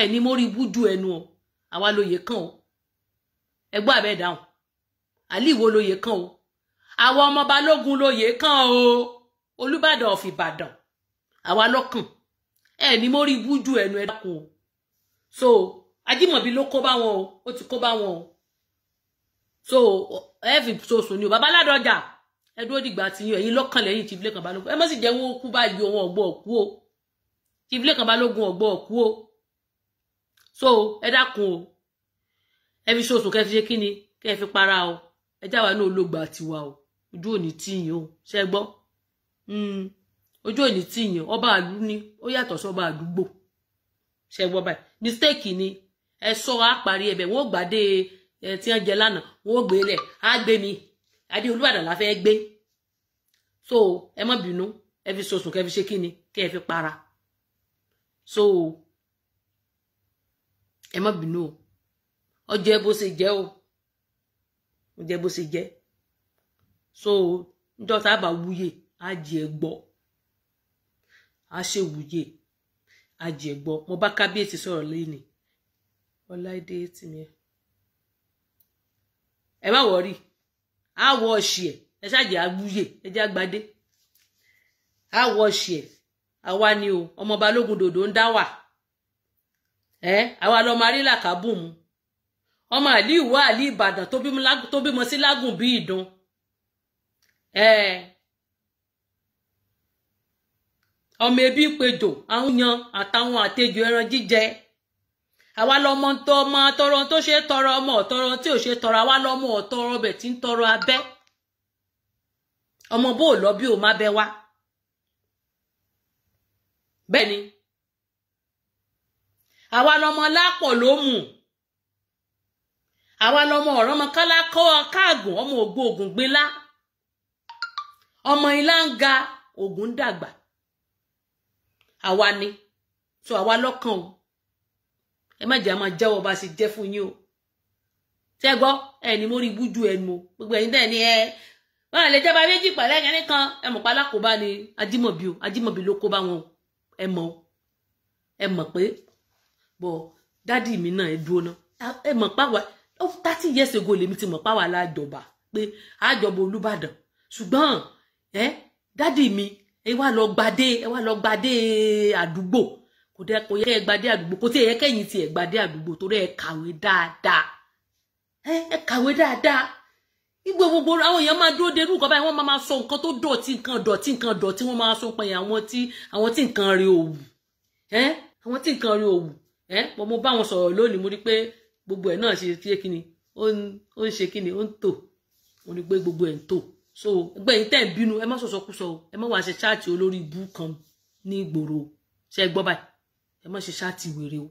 ẹ ní mórí ibú du ẹnu o àwa lóye kàn o ẹ gbọ́ àbẹ́ dáhùn àlí ìwo lóye kàn o àwa ọmọ balógun lóye kàn o olùbàdàn ọ̀fì ìbàdàn àwa lọ́kàn ẹ ní mórí ibú du ẹnu ẹ dákun o so ajímọ̀bí ló kó bá wọn o ó ti kó bá wọn o so ẹ fi sosùn ni o babaládọjà ẹ dúró dìgbà tí yín ẹ̀yin lọ́kàn lẹ́yìn tí Lékan Balógun ẹ má sì jẹ́ wọ́n kú báyìí ohun ọ̀gbọ́ ọ̀kú o tí Lékan Balógun ọ̀gbọ́ ọ̀kú o so ẹ dákun o ẹ fi ṣoṣù kẹ fi ṣe kí kẹ fi para o ẹ jáwa náà olóògbà tiwa o ojú òní tìyìn o ṣe gbọ́ hmm. ojú òní tìyìn ọba àlú ni ó yàtọ̀ sí ọba àdúgbò ṣe gbọ́ báyìí mistake ni ẹ sọ àparí ẹbẹ̀ wọ́n gbàdé ẹ tí wọ́n jẹ lánàá wọ́n gbé lẹ̀ á gbé mi adé olúbàdàn la fẹ́ gbé so ẹ má bínú ẹ fi sosùn kẹ fi ṣe kíni kẹ ẹ fi para so ẹ má bínú o ọjọ́ ẹ bó ṣe jẹ́ o ọjọ́ ẹ bó ṣe jẹ́ so níjọ́ tá a bá wúyè á jẹ gbọ́ á ṣe wúyè á jẹ gbọ́ mo bá kábíyèsí sọ̀rọ̀ lẹ́nìí ọláìdé tìmíẹ ẹ má wọrí á wọ ọṣì ẹ ẹ ṣáàjì àwúyè ẹ jẹ àgbàdé á wọ ọṣì ẹ àwa ni o ọmọ balógun dòdò ń dá wà ẹ àwa lọmọ arílà kábùm ọmọ àlì ìwọ àlì ìbàdàn tó bímọ sí lágùn bí ìdán ẹ ọmọ ebi pejò àwọn yan àtàwọn àtejò ẹran jíjẹ àwa lọmọ ń tọ ọmọ tọrọ tó ṣe tọrọ ọmọ ọtọrọ tí ò ṣe tọrọ àwa lọmọ ọtọrọ ọbẹ tí ń tọrọ abẹ ọmọ bó lọ bí o má bẹ wá bẹ́ẹ̀ ni àwa lọmọ lápọ̀ ló mù àwa lọmọ ọ̀rọ̀ ọmọ kálá kọ́ káàgùn ọmọ ògbó ògùn gbélá ọmọ ilá ń ga ògùn dàgbà àwa ni so àwa lọ́kàn o ẹ má jẹ́ a máa jáwọ́ bá ṣe jẹ́ fún yín o tẹ́ gbọ́ ẹ ní mo rí ibújú ẹ mo gbogbo ẹ̀yin dẹ̀ ni ẹ wọn lè jẹba méjì pàlẹ́ ẹ̀yìn nìkan ẹ mọ̀ pálá kó bá ní ajímọ̀bí o ajímọ̀bí ló kó bá wọn ẹ mọ̀ ẹ mọ̀ pé bọ̀ dádì mi náà ẹ dúró náà ẹ mọ̀ páwa thirty years ago lèmi ti mọ̀ páwa lájọba pé àjọba Olúbàdàn ṣùgbọ́n ẹ dádì mi ẹ wá lọ gbadé ẹ wá lọ gbadé àdúgbò kò dẹ kò yẹ kẹ́ ẹ gbadé àdúgbò kò tí ẹ yẹ kẹ́yìn tí ẹ gbadé àdúgbò torí ẹ kàwé dáadáa ẹ kàwé dáadáa igbó gbogbo àwọn èèyàn máa dúró derú nǹkan báyìí wọ́n máa sọ nǹkan tó dọ̀tí nǹkan dọ̀tí nǹkan dọ̀tí wọ́n máa sọ pé àwọn tí àwọn tí nǹkan rí òwù ẹ àwọn tí nǹkan rí òwù ẹ pọ̀ mo bá wọn sọ̀rọ̀ lónìí mo rí pé gbogbo ẹ̀ náà ṣe ṣe kíni ó ń ṣe kíni ó ń tò mo rí pé gbogbo ẹ̀ ń tò so gbẹ̀yìn tẹ̀ ń bínú ẹ má sọ̀sọ̀kúsọ ẹ má wàá ṣe ṣáàtì olórí ibú kan ní ìgboro ṣe gbọ́ báyìí ẹ má ṣe ṣáàtì wèrè o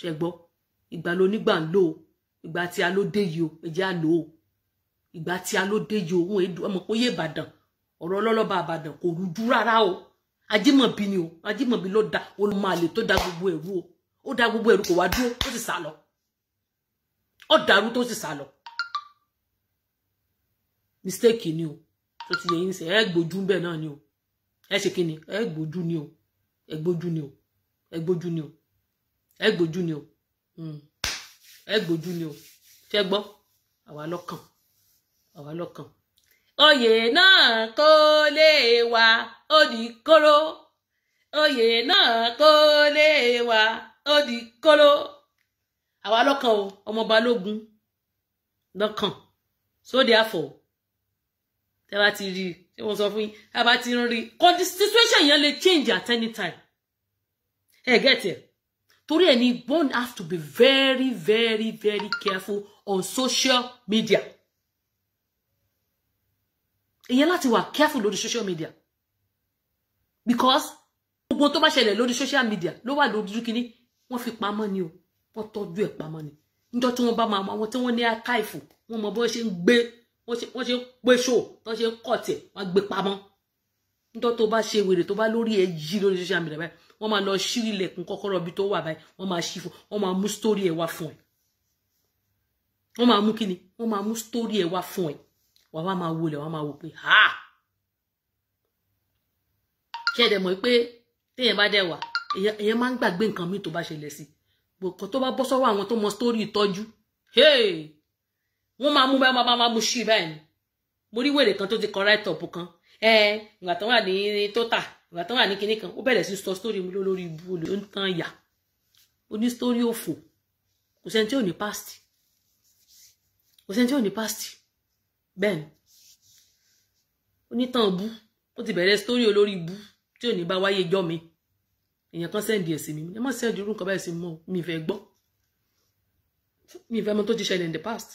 ṣe gbọ́ ìgbà ló nígbà ń lò ó ìgbà tí a ló dé yìí o ẹ jẹ́ à lò ó ìgbà tí a ló dé yìí o òun èdè ọmọ òye ìbàdàn ọ̀rọ̀ ọlọ́lọ́ba ìbàdàn kò rújú rárá o ajímọ̀bí ni o ajímọ̀bí ló da olùmọ̀àlè tó da gbogbo ẹ̀rú o ó da gbogbo ẹ̀rú kò wá dúró ó sì sá lọ ó dàrú tó sì sá lọ mistake ni o tó ti yẹ yín sẹ ẹ gbójú bẹ́ẹ̀ náà ni o ẹ ṣe kí ni ẹ gbójú ni o ẹ gbójú ni o ẹ gbójú ni o ẹ gbójú ni o hmm. ẹ gbójú ni o fẹ́ gbọ́ àwa lọ́kàn àwa lọ́kàn. oyè náà kó lè wá ó di kóró oyè náà kó lè wá ó di kóró àwa lọ́kàn o ọmọ balógun lọ́kàn sóde àfọ̀ tẹ́ bá ti rí i ṣé wọ́n sọ fún yín tẹ́ bá ti rí i kò situation yẹn lè change at any time ẹ get it. torí ẹ̀ ni one have to be very very very careful on social media ìyẹn láti wà careful lórí social media because gbogbo tó bá ṣẹlẹ̀ lórí social media ló wà lójú kínní wọ́n fi pamọ́ ni o wọ́n tọ́jú ẹ̀ pamọ́ ni níjọ́ tí wọ́n bá máa mọ àwọn tí wọ́n ní archive wọ́n mọ bí wọ́n ṣe ń gbé wọ́n ṣe ń pé show tó ṣe ń kọ̀ tẹ̀ wọ́n gbé pamọ́ níjọ́ tó bá ṣe wèrè tó bá lórí ẹ̀ yí lórí social media báyìí wọ́n máa lọ ṣí ilẹ̀kùn kọ́kọ́rọ́ ibi tó wà báyìí wọ́n máa ṣí fún wọ́n máa mú sítórì ẹ̀ wá fún ẹ wọ́n máa mú kí ni máa mú sítórì ẹ̀ wá fún ẹ wà wá máa wọlé wà máa wò pé ha kí ẹ dẹ̀ mọ̀ pé téèyàn bá dẹ̀ wà èèyàn máa ń gbàgbé nǹkan míì tó bá ṣẹlẹ̀ sí gbòkò tó bá bọ́ sọ́wọ́ àwọn tó mọ sítórì ìtọ́jú wọ́n máa mú báyìí wọ́n máa mú ṣí báyìí mo rí wèrè kan tó ti kọ ráìtọ̀pù kan ìgbà tó wà ní tó tà bàbá tó wà ní kinní kan ó bẹ̀rẹ̀ sí sọ sítórì mi lórí ibu olè ó ń tan yà ó ní sítórì òfò kò sẹ́ni tí ò ní past kò sẹ́ni tí ò ní past bẹ́ẹ̀ ni ó ní tàn bú ó ti bẹ̀rẹ̀ sítórì olórí ibu tí ò ní bá wáyé jọ́ mi èèyàn kan sẹ́ndì ẹ̀ mi ẹ má sẹ́ndì irú nǹkan báyìí sí mi mọ́ mi fẹ́ gbọ́ mi fẹ́ mọ̀ tó ti ṣẹlẹ̀ in the past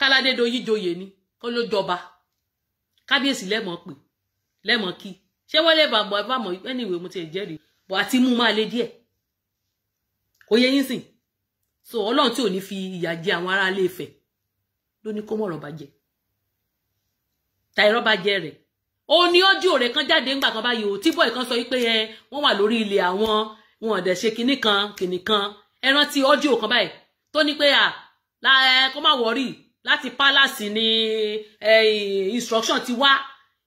káládé doyí joyè ni kó ló jọba kábíyèsí lẹ́mọ̀ pè lẹ́mọ̀ kí ṣé wọ́n lè bàbọ̀ ẹ bá mọ̀ ẹni ìwé mo ti ẹ̀ jẹ́rìí bọ̀ àti mú máa le díẹ̀ kò yẹ yín sìn so ọlọ́run tí ò ní fi ìyà jẹ àwọn ará ilé Ifẹ̀ ló ní kó mọ̀rọ̀ bá jẹ tàìrọ́ bá jẹ rẹ̀ ó ní ọjọ́ rẹ̀ kan jáde ńgbà kan báyìí ò tí bọ́ọ̀ kan sọ wípé eh, wọ́n wà lórí ilé àwọn wọn ọ̀dẹ̀ ṣe kinní kan kinní kan ẹ rántí ọjọ́ kan báyìí tó ní pé à eh, kó má wọrí láti pálásì ni eh, instruction ti wá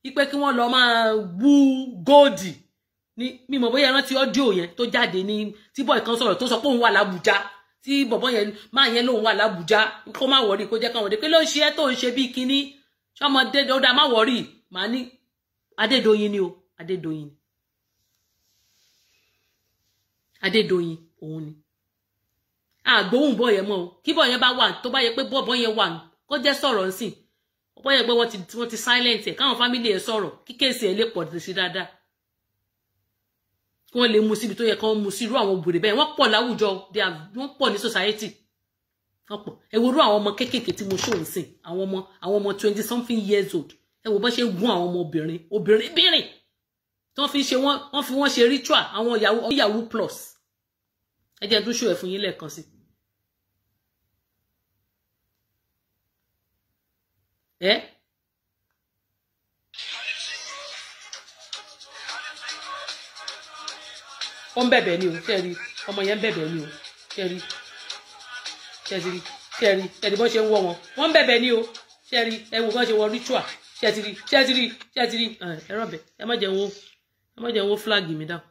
ipe kí wọ́n lọ máa wú góòdì ní mímọ̀ bóyá rántí ọ́díò yẹn tó jáde ní tí bọ́ọ̀ kan sọ̀rọ̀ tó sọ pé òun wà lábújá tí bọ̀bọ́ yẹn máa yẹn lòun wà lábújá kó má wọ̀rí kó jẹ́ káwọn dé pé ló ń ṣe ẹ́ tó ń ṣe bíi kinní ṣọmọdé ó dá má wọ̀rí màá ní Adédoyin ni o Adédoyin Adédoyin òun ni àgbóhùn bọ̀ yẹn mọ́ o kí bọ̀ yẹn bá wà tó bá yẹ pé bọ̀bọ̀ yẹn wà kó jẹ́ sọ̀rọ̀ nsìn ọ̀pọ̀ yẹn pé wọ́n ti wọ́n ti silent ẹ̀ káwọn fámìlì ẹ̀ sọ̀rọ̀ kí kéèsì ẹ̀ lè pọ̀ sí dáadáa kí wọ́n lè mú síbi tó yẹ kí wọ́n mú sí irú àwọn òbèrè bẹ́ẹ̀ wọ́n pọ̀ láwùjọ wọ́n pọ̀ ní society wọ́n pọ̀ ẹ wo irú àwọn ọmọ kéékèèké tí mo ṣóun sìn àwọn ọmọ àwọn ọmọ twenty something years old ẹ wo bó ṣe gún àwọn ọmọ obìnrin obìnrin bìnrin tí wọ́n fi ṣe wọ́n fi wọ́n ṣe ritual àwọn ìyàwó plus ẹ jẹ́ tó ṣó ẹ̀ fún yín lẹ́ẹ̀kan sí i. ẹ. ó ń bẹ̀bẹ̀ ni o ṣe rí ọmọ yẹn ń bẹ̀bẹ̀ ni o ṣe rí ṣe ti rí ṣe rí ṣe ti bọ́ ṣe ń wọ́ wọn wọ́n ń bẹ̀bẹ̀ ni o ṣe rí ẹ wò bọ́ ṣe wọ ritual ṣe ti rí ṣe ti rí ṣe ti rí ẹ rọ̀bẹ̀ ẹ má jẹ́ wo ẹ má jẹ́ wo flag mi dáhùn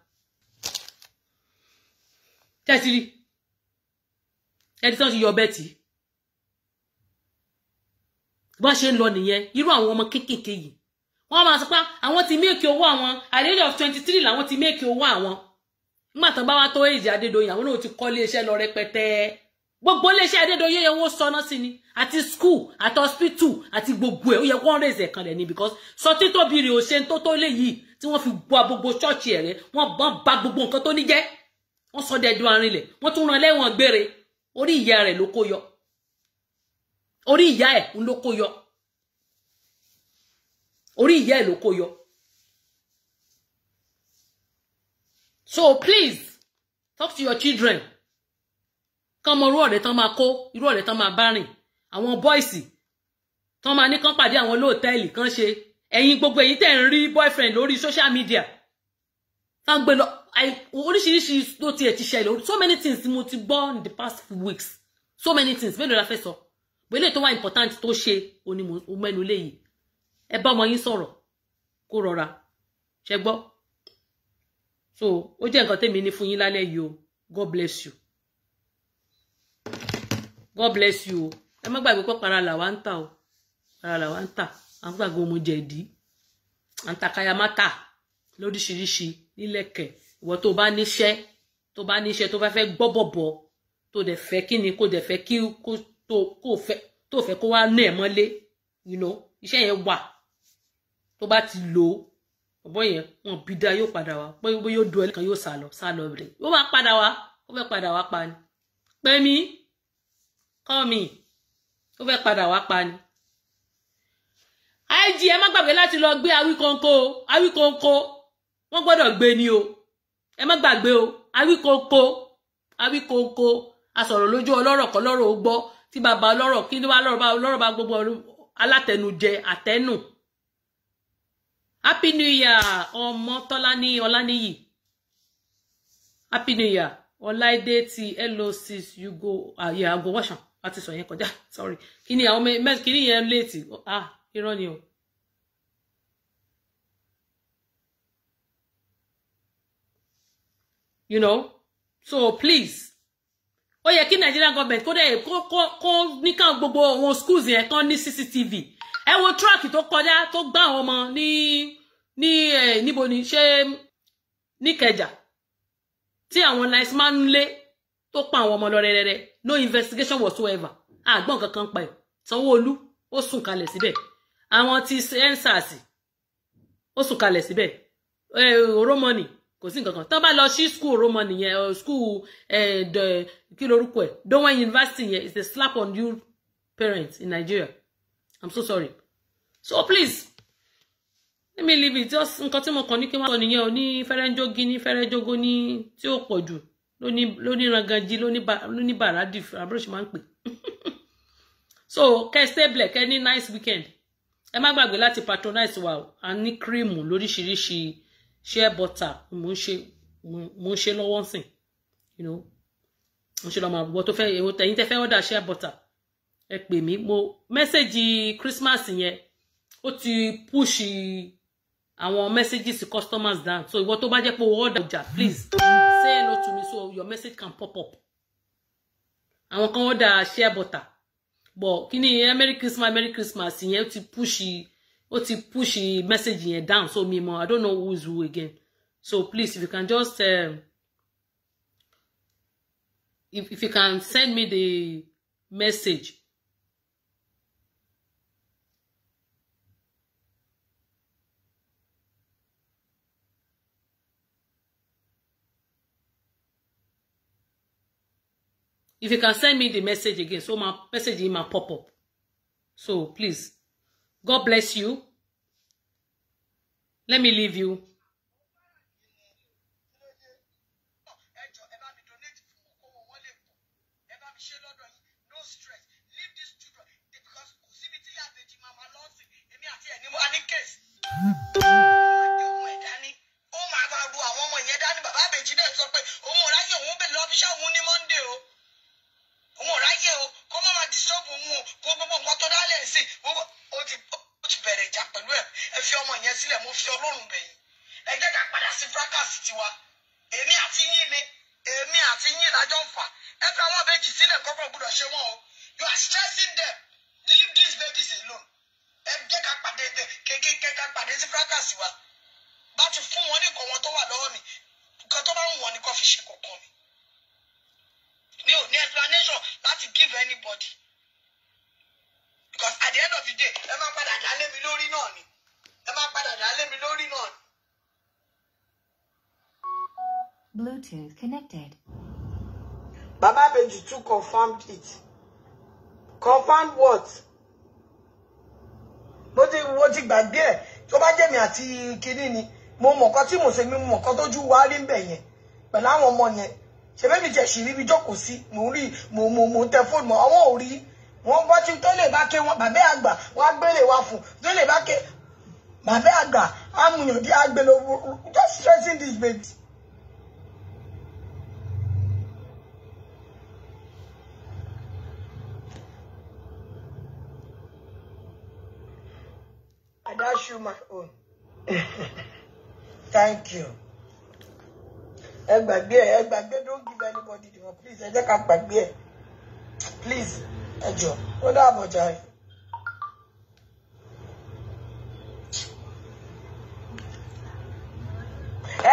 ṣe ti rí ẹni tí wọ́n ti yọ bẹ́ẹ̀ tì í bá ṣe ń lọ nìyẹn irú àwọn ọmọ kéékèèké yìí wọ́n máa sọ pé àwọn ti méèkì owó àwọn at the age of twenty three làwọn ti méèkì owó àwọn nígbà tán bá wá tó èjì Adédoyin àwọn náà ti kọ́ iléeṣẹ́ lọ rẹpẹtẹ gbogbo iléeṣẹ́ Adédoyin yẹn wọ́n sọná sí ni àti school àti hospital àti gbogbo ẹ̀ ó yẹ kó ń rèézẹ̀ kan rẹ̀ ni because sọ títóbi rè ó ṣe ń tó tó lé yìí tí wọ́n fi gbọ́ gbogbo ṣọ́ọ̀ṣì ẹ̀rẹ́ wọ́n bọ́n ba gbogbo nǹkan tó ní jẹ́ wọ́n sọ dẹ́dùn arinlẹ̀ wọ́n tún ran lẹ́wọ̀n gbére orí ìyá rẹ̀ ló kó yọ orí ìyá ẹ̀ ló kó yọ orí ìyá ẹ̀ ló kó yọ so please talk to your children kán mọ irú ọ̀rẹ́ tán máa kó irú ọ̀rẹ́ tán máa bá rìn àwọn bọ́ìsì tán máa ní kán pàdé àwọn lóòtẹ́ẹ̀lì kán ṣe ẹ̀yin gbogbo èyí tẹ̀ ń rí boyfriend lórí social media tán gbé lọ oríṣiríṣi ló tiẹ̀ ti ṣẹlẹ̀ so many things mo ti gbọ́ in the past few weeks so many things mélòó la fẹ́ sọ. So gbélé tó wà important tó ṣe òní mẹ́nu léyìí ẹ bá ọmọ yín sọ̀rọ̀ kó rọra ṣe gbọ́ so ó jẹ́ nǹkan tèmi ní fún yín lálẹ́ yìí God bless you God bless you o ẹ má gbàgbé pé para làwa ń tà o para làwa ń tà à ń gbàgbé ọmọ jẹ̀dí à ń takaya má tà lóríṣiríṣi nílẹ̀kẹ̀ ìwọ tó bá níṣẹ́ tó bá níṣẹ́ tó bá fẹ́ gbọ́ bọ̀bọ̀ tó dẹ̀ fẹ́ kí ni kó dẹ̀ fẹ́ kí kó tó kò fẹ́ tó fẹ́ kó wá ná ẹ̀ mọ́lé you know iṣẹ́ yẹn wà tó bá ti lò ó ọ̀bọ yẹn wọn bí da yóò padà wá bóyá bóyá yóò dùn ẹ́ kan yóò sá lọ sá lọ rẹ̀ yóò wá padà wá ó fẹ́ padà wá pa ni pẹ́mi kọ́ mi ó fẹ́ padà wá pa ni. IG ẹ má gbàgbé láti lọ gbé awíkọ́ńkọ́ o awíkọ́ńkọ́ wọ́n gbọ́dọ̀ gbé ni o ẹ má gbàgbé o awíkọ́ńkọ́ awíkọ́ńkọ́ asọ̀rọ̀ lójú ọlọ́rọ̀ kọ́ ó gbọ́ tí bàbá ọlọ́rọ̀ kí ló bá lọ́rọ̀ bá ọlọ́rọ̀ bá gbogbo alátẹnujẹ àtẹnù happy new year ọmọ tọ́lání ọláníyì happy new year ọláìdé ti loc you go àyè àgọ wọ̀ṣàn láti sọ yẹn kọjá (laughs) sorry kí ni àwọn mẹ́rin kí ni yẹn léètì ah irọ́ ni o. you know so please ó yẹ kí Nigerian government kó dẹ̀ kó ní kàn gbogbo àwọn schools yẹn kàn ní CCTV ẹ wo truck tó kọjá tó gbá àwọn ọmọ ní ní ẹ níbo ni ṣé níkẹjà tí àwọn nice man ń lé tó pa àwọn ọmọ lọ rẹrẹrẹ no investigation whatsoever àgbọn kankan pa ẹ Sanwó-Olú ó sùn kalẹ̀ síbẹ̀ àwọn ti endsars ó sùn kalẹ̀ síbẹ̀ òrómọ́nì kò sí nǹkan kan tán bá lọ sí school roma nìyẹn eh, school eh, kí lorúkọ ẹ Dowen University yẹn is a slap on you parents in Nigeria i'm so sorry so please let me leave it just nǹkan tí mo kàn ní kí n má sọ nìyẹn o ní fẹrẹjogi ní fẹrẹjogo ní tí ó pọ̀ jù ló ranganji ló ní bàrádì máa ń pè (laughs) so kẹ stable kẹ ní nice weekend ẹ má gbàgbé láti patronize wa a ní kírìmù lóríṣiríṣi share butter mo ń ṣe mo ń ṣe lọ́wọ́ sìn you know mo ṣe lọ máa wọ tó fẹ́ èwo tẹ̀yin tẹ́ fẹ́ order share butter ẹ pè mí mo mẹ́sẹ̀gì Christmas yẹn ó ti push àwọn messages to customers down so ìwọ tó bá jẹ́ pé o order ọjà please say hello to me so your message can pop up àwọn kan order share butter but kí merry Christmas merry Christmas yẹn ó ti push ó ti push the message yẹn down so mi mọ̀ i don't know who is who again so please if you can just um, if, if you can send me the message if you can send me the message again so my message in my pop up so please God bless you. Let me leave you. fi ọlọ́run bẹ̀yìn ẹ jẹ́ ká padà sí fracasi tiwa èmi àti yín ni èmi àti yín lájọ ń fà ẹ fi àwọn abẹ́jì sílẹ̀ kọ́kọ́ gbọ́dọ̀ ṣe wọ́n o you are stressing them leave these babies alone ẹ jẹ́ ká pàdé kékeré ká pàdé sí fracasi wa bá ti fún wọn ní nǹkan wọn tó wà lọ́wọ́ mi nǹkan tó bá ń wọ̀ ni kò fi ṣe kọ̀ọ̀kan mi mi ò ní explanation láti give anybody because at the end of the day ẹ máa padà dálé mi lórí náà ni ẹ máa padà dálé mi lórí náà. Bluetooth connected. Baba Beji too confirmed it. Confirmed what? Mo ti wo ti gbàgbé ẹ̀ tó bá jẹ́mi àti kinní ni mo mọ̀kọ́ tí mo ṣe mi mọ̀kọ́ tójú wa rí ń bẹ̀ yẹn pẹ̀lú àwọn ọmọ yẹn ṣebí mi jẹ̀sì ríbi jókòó sí mo ń rí mo mò mò ń tẹ fóònù mọ́ ọwọ́ ò rí wọ́n bá ti tó lè bá ké wọn bàbá àgbà wọ́n gbélé wa fún tó lè bá ké bàbá I'm your dear agbèlò just stressing this bit. I dash you my own. Thank you. Ẹ gbàgbé ẹ gbàgbé don't give anybody to me, please I jẹ́ ká gbàgbé ẹ please ẹ What about you?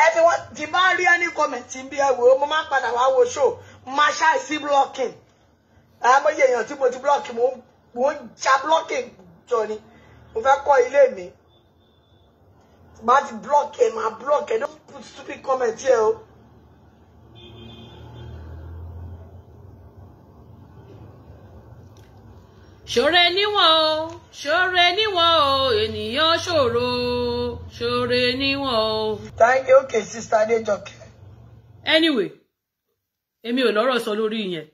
ẹbí wọn ti bá rí ẹni kọmẹǹtì bí ẹ wò ó mo máa ń padà wá wo show máa ṣàìsí blocking àmọye èèyàn tí mo ti block mo ń ja blocking jọ ni mo fẹ́ kọ́ ilé mi má ti block ẹ má block ẹ don't put stupid comment here o. ṣoore níwọ̀n o ṣoore níwọ̀n o ènìyàn ṣòro ṣoore níwọ̀n o. thank you okay sister Adéjọkẹ́. anyway èmi ò lọ́rọ̀ sọ lórí yẹn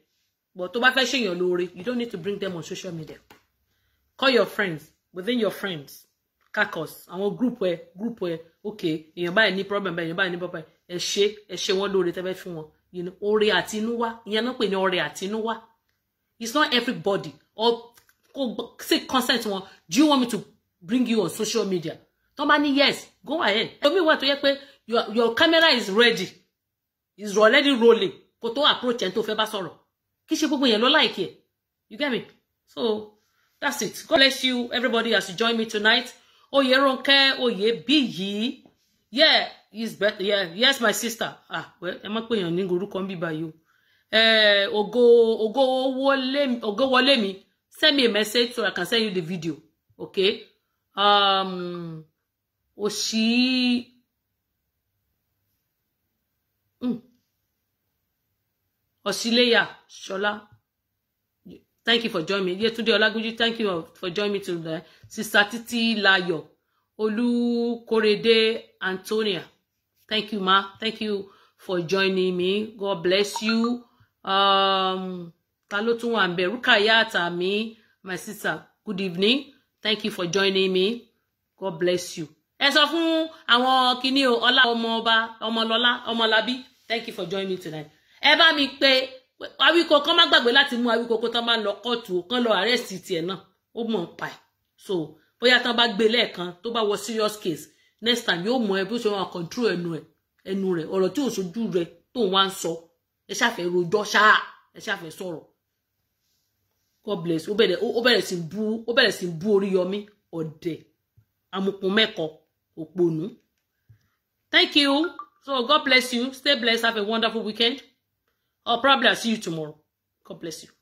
but tó bá fẹ́ ṣèyàn lóore you don't need to bring them on social media call your friends within your friends kakos àwọn group ẹ group ẹ okay èèyàn báyìí ní problem báyìí èèyàn báyìí ní problem ẹ ṣe ẹ ṣe wọn lóore tẹ́ fẹ́ fún wọn oore àtinúwá ìyẹn náà pè ní oore àtinúwá it's not everybody or kó seek consent wọn do you want me to bring you on social media tó bá ní yes go ahead omi wà tó yẹ pé your your camera is ready is already rolling kó tó approach ẹni tó fẹ́ bá sọ̀rọ̀ kí ṣe gbogbo yẹn ló láìkí ẹ̀ you get me so that's it God bless you everybody as you join me tonight Oyeronke Oyebiyi yeah is better yeah yes my sister ah well ẹ má pè yàn ní orúkọ ń bíbá yìí o eh, ògo ògo wọlé mi send me a message so I can send you the video. Okay. Um Oshi. Mm. Oshileya Shola. Thank you for joining me. Yetunde Olagunju, thank you for joining me today. Sister Titi Layo. Olu Korede Antonia. Thank you, Ma. Thank you for joining me. God bless you. Um ta ló tún wà ń bẹ Rukayat mi my sister good evening thank you for joining me god bless you ẹ sọ fún àwọn kinní o ọlá ọmọọba ọmọlọlá ọmọlábí thank you for joining me tonight ẹ bá mi pé awíko kan má gbàgbé láti mú awíko kó tán máa lọ kóòtù kan lọ àrẹ́sì tiẹ̀ náà ó mọ̀ pa ẹ̀ so bóyá tán bá gbé lẹ́ẹ̀kan tó bá wọ serious case next time yóò mọ ẹ bí ó ṣe wọn control ẹnu ẹ ẹnu rẹ ọ̀rọ̀ tí ò sojú rẹ tó wá ń sọ ẹ ṣàfẹ́ rojọ́ ṣáà ẹ ṣàfẹ́ sọ̀rọ̀ God bless ó bẹ̀rẹ̀ ó bẹ̀rẹ̀ sí bú ó bẹ̀rẹ̀ sí bú Oríyọmí ọ̀dẹ̀ amukun mẹ́kọ òpònú. Thank you. So God bless you. Stay blessed. Have a wonderful weekend. I'll probably I'll see you tomorrow. God bless you.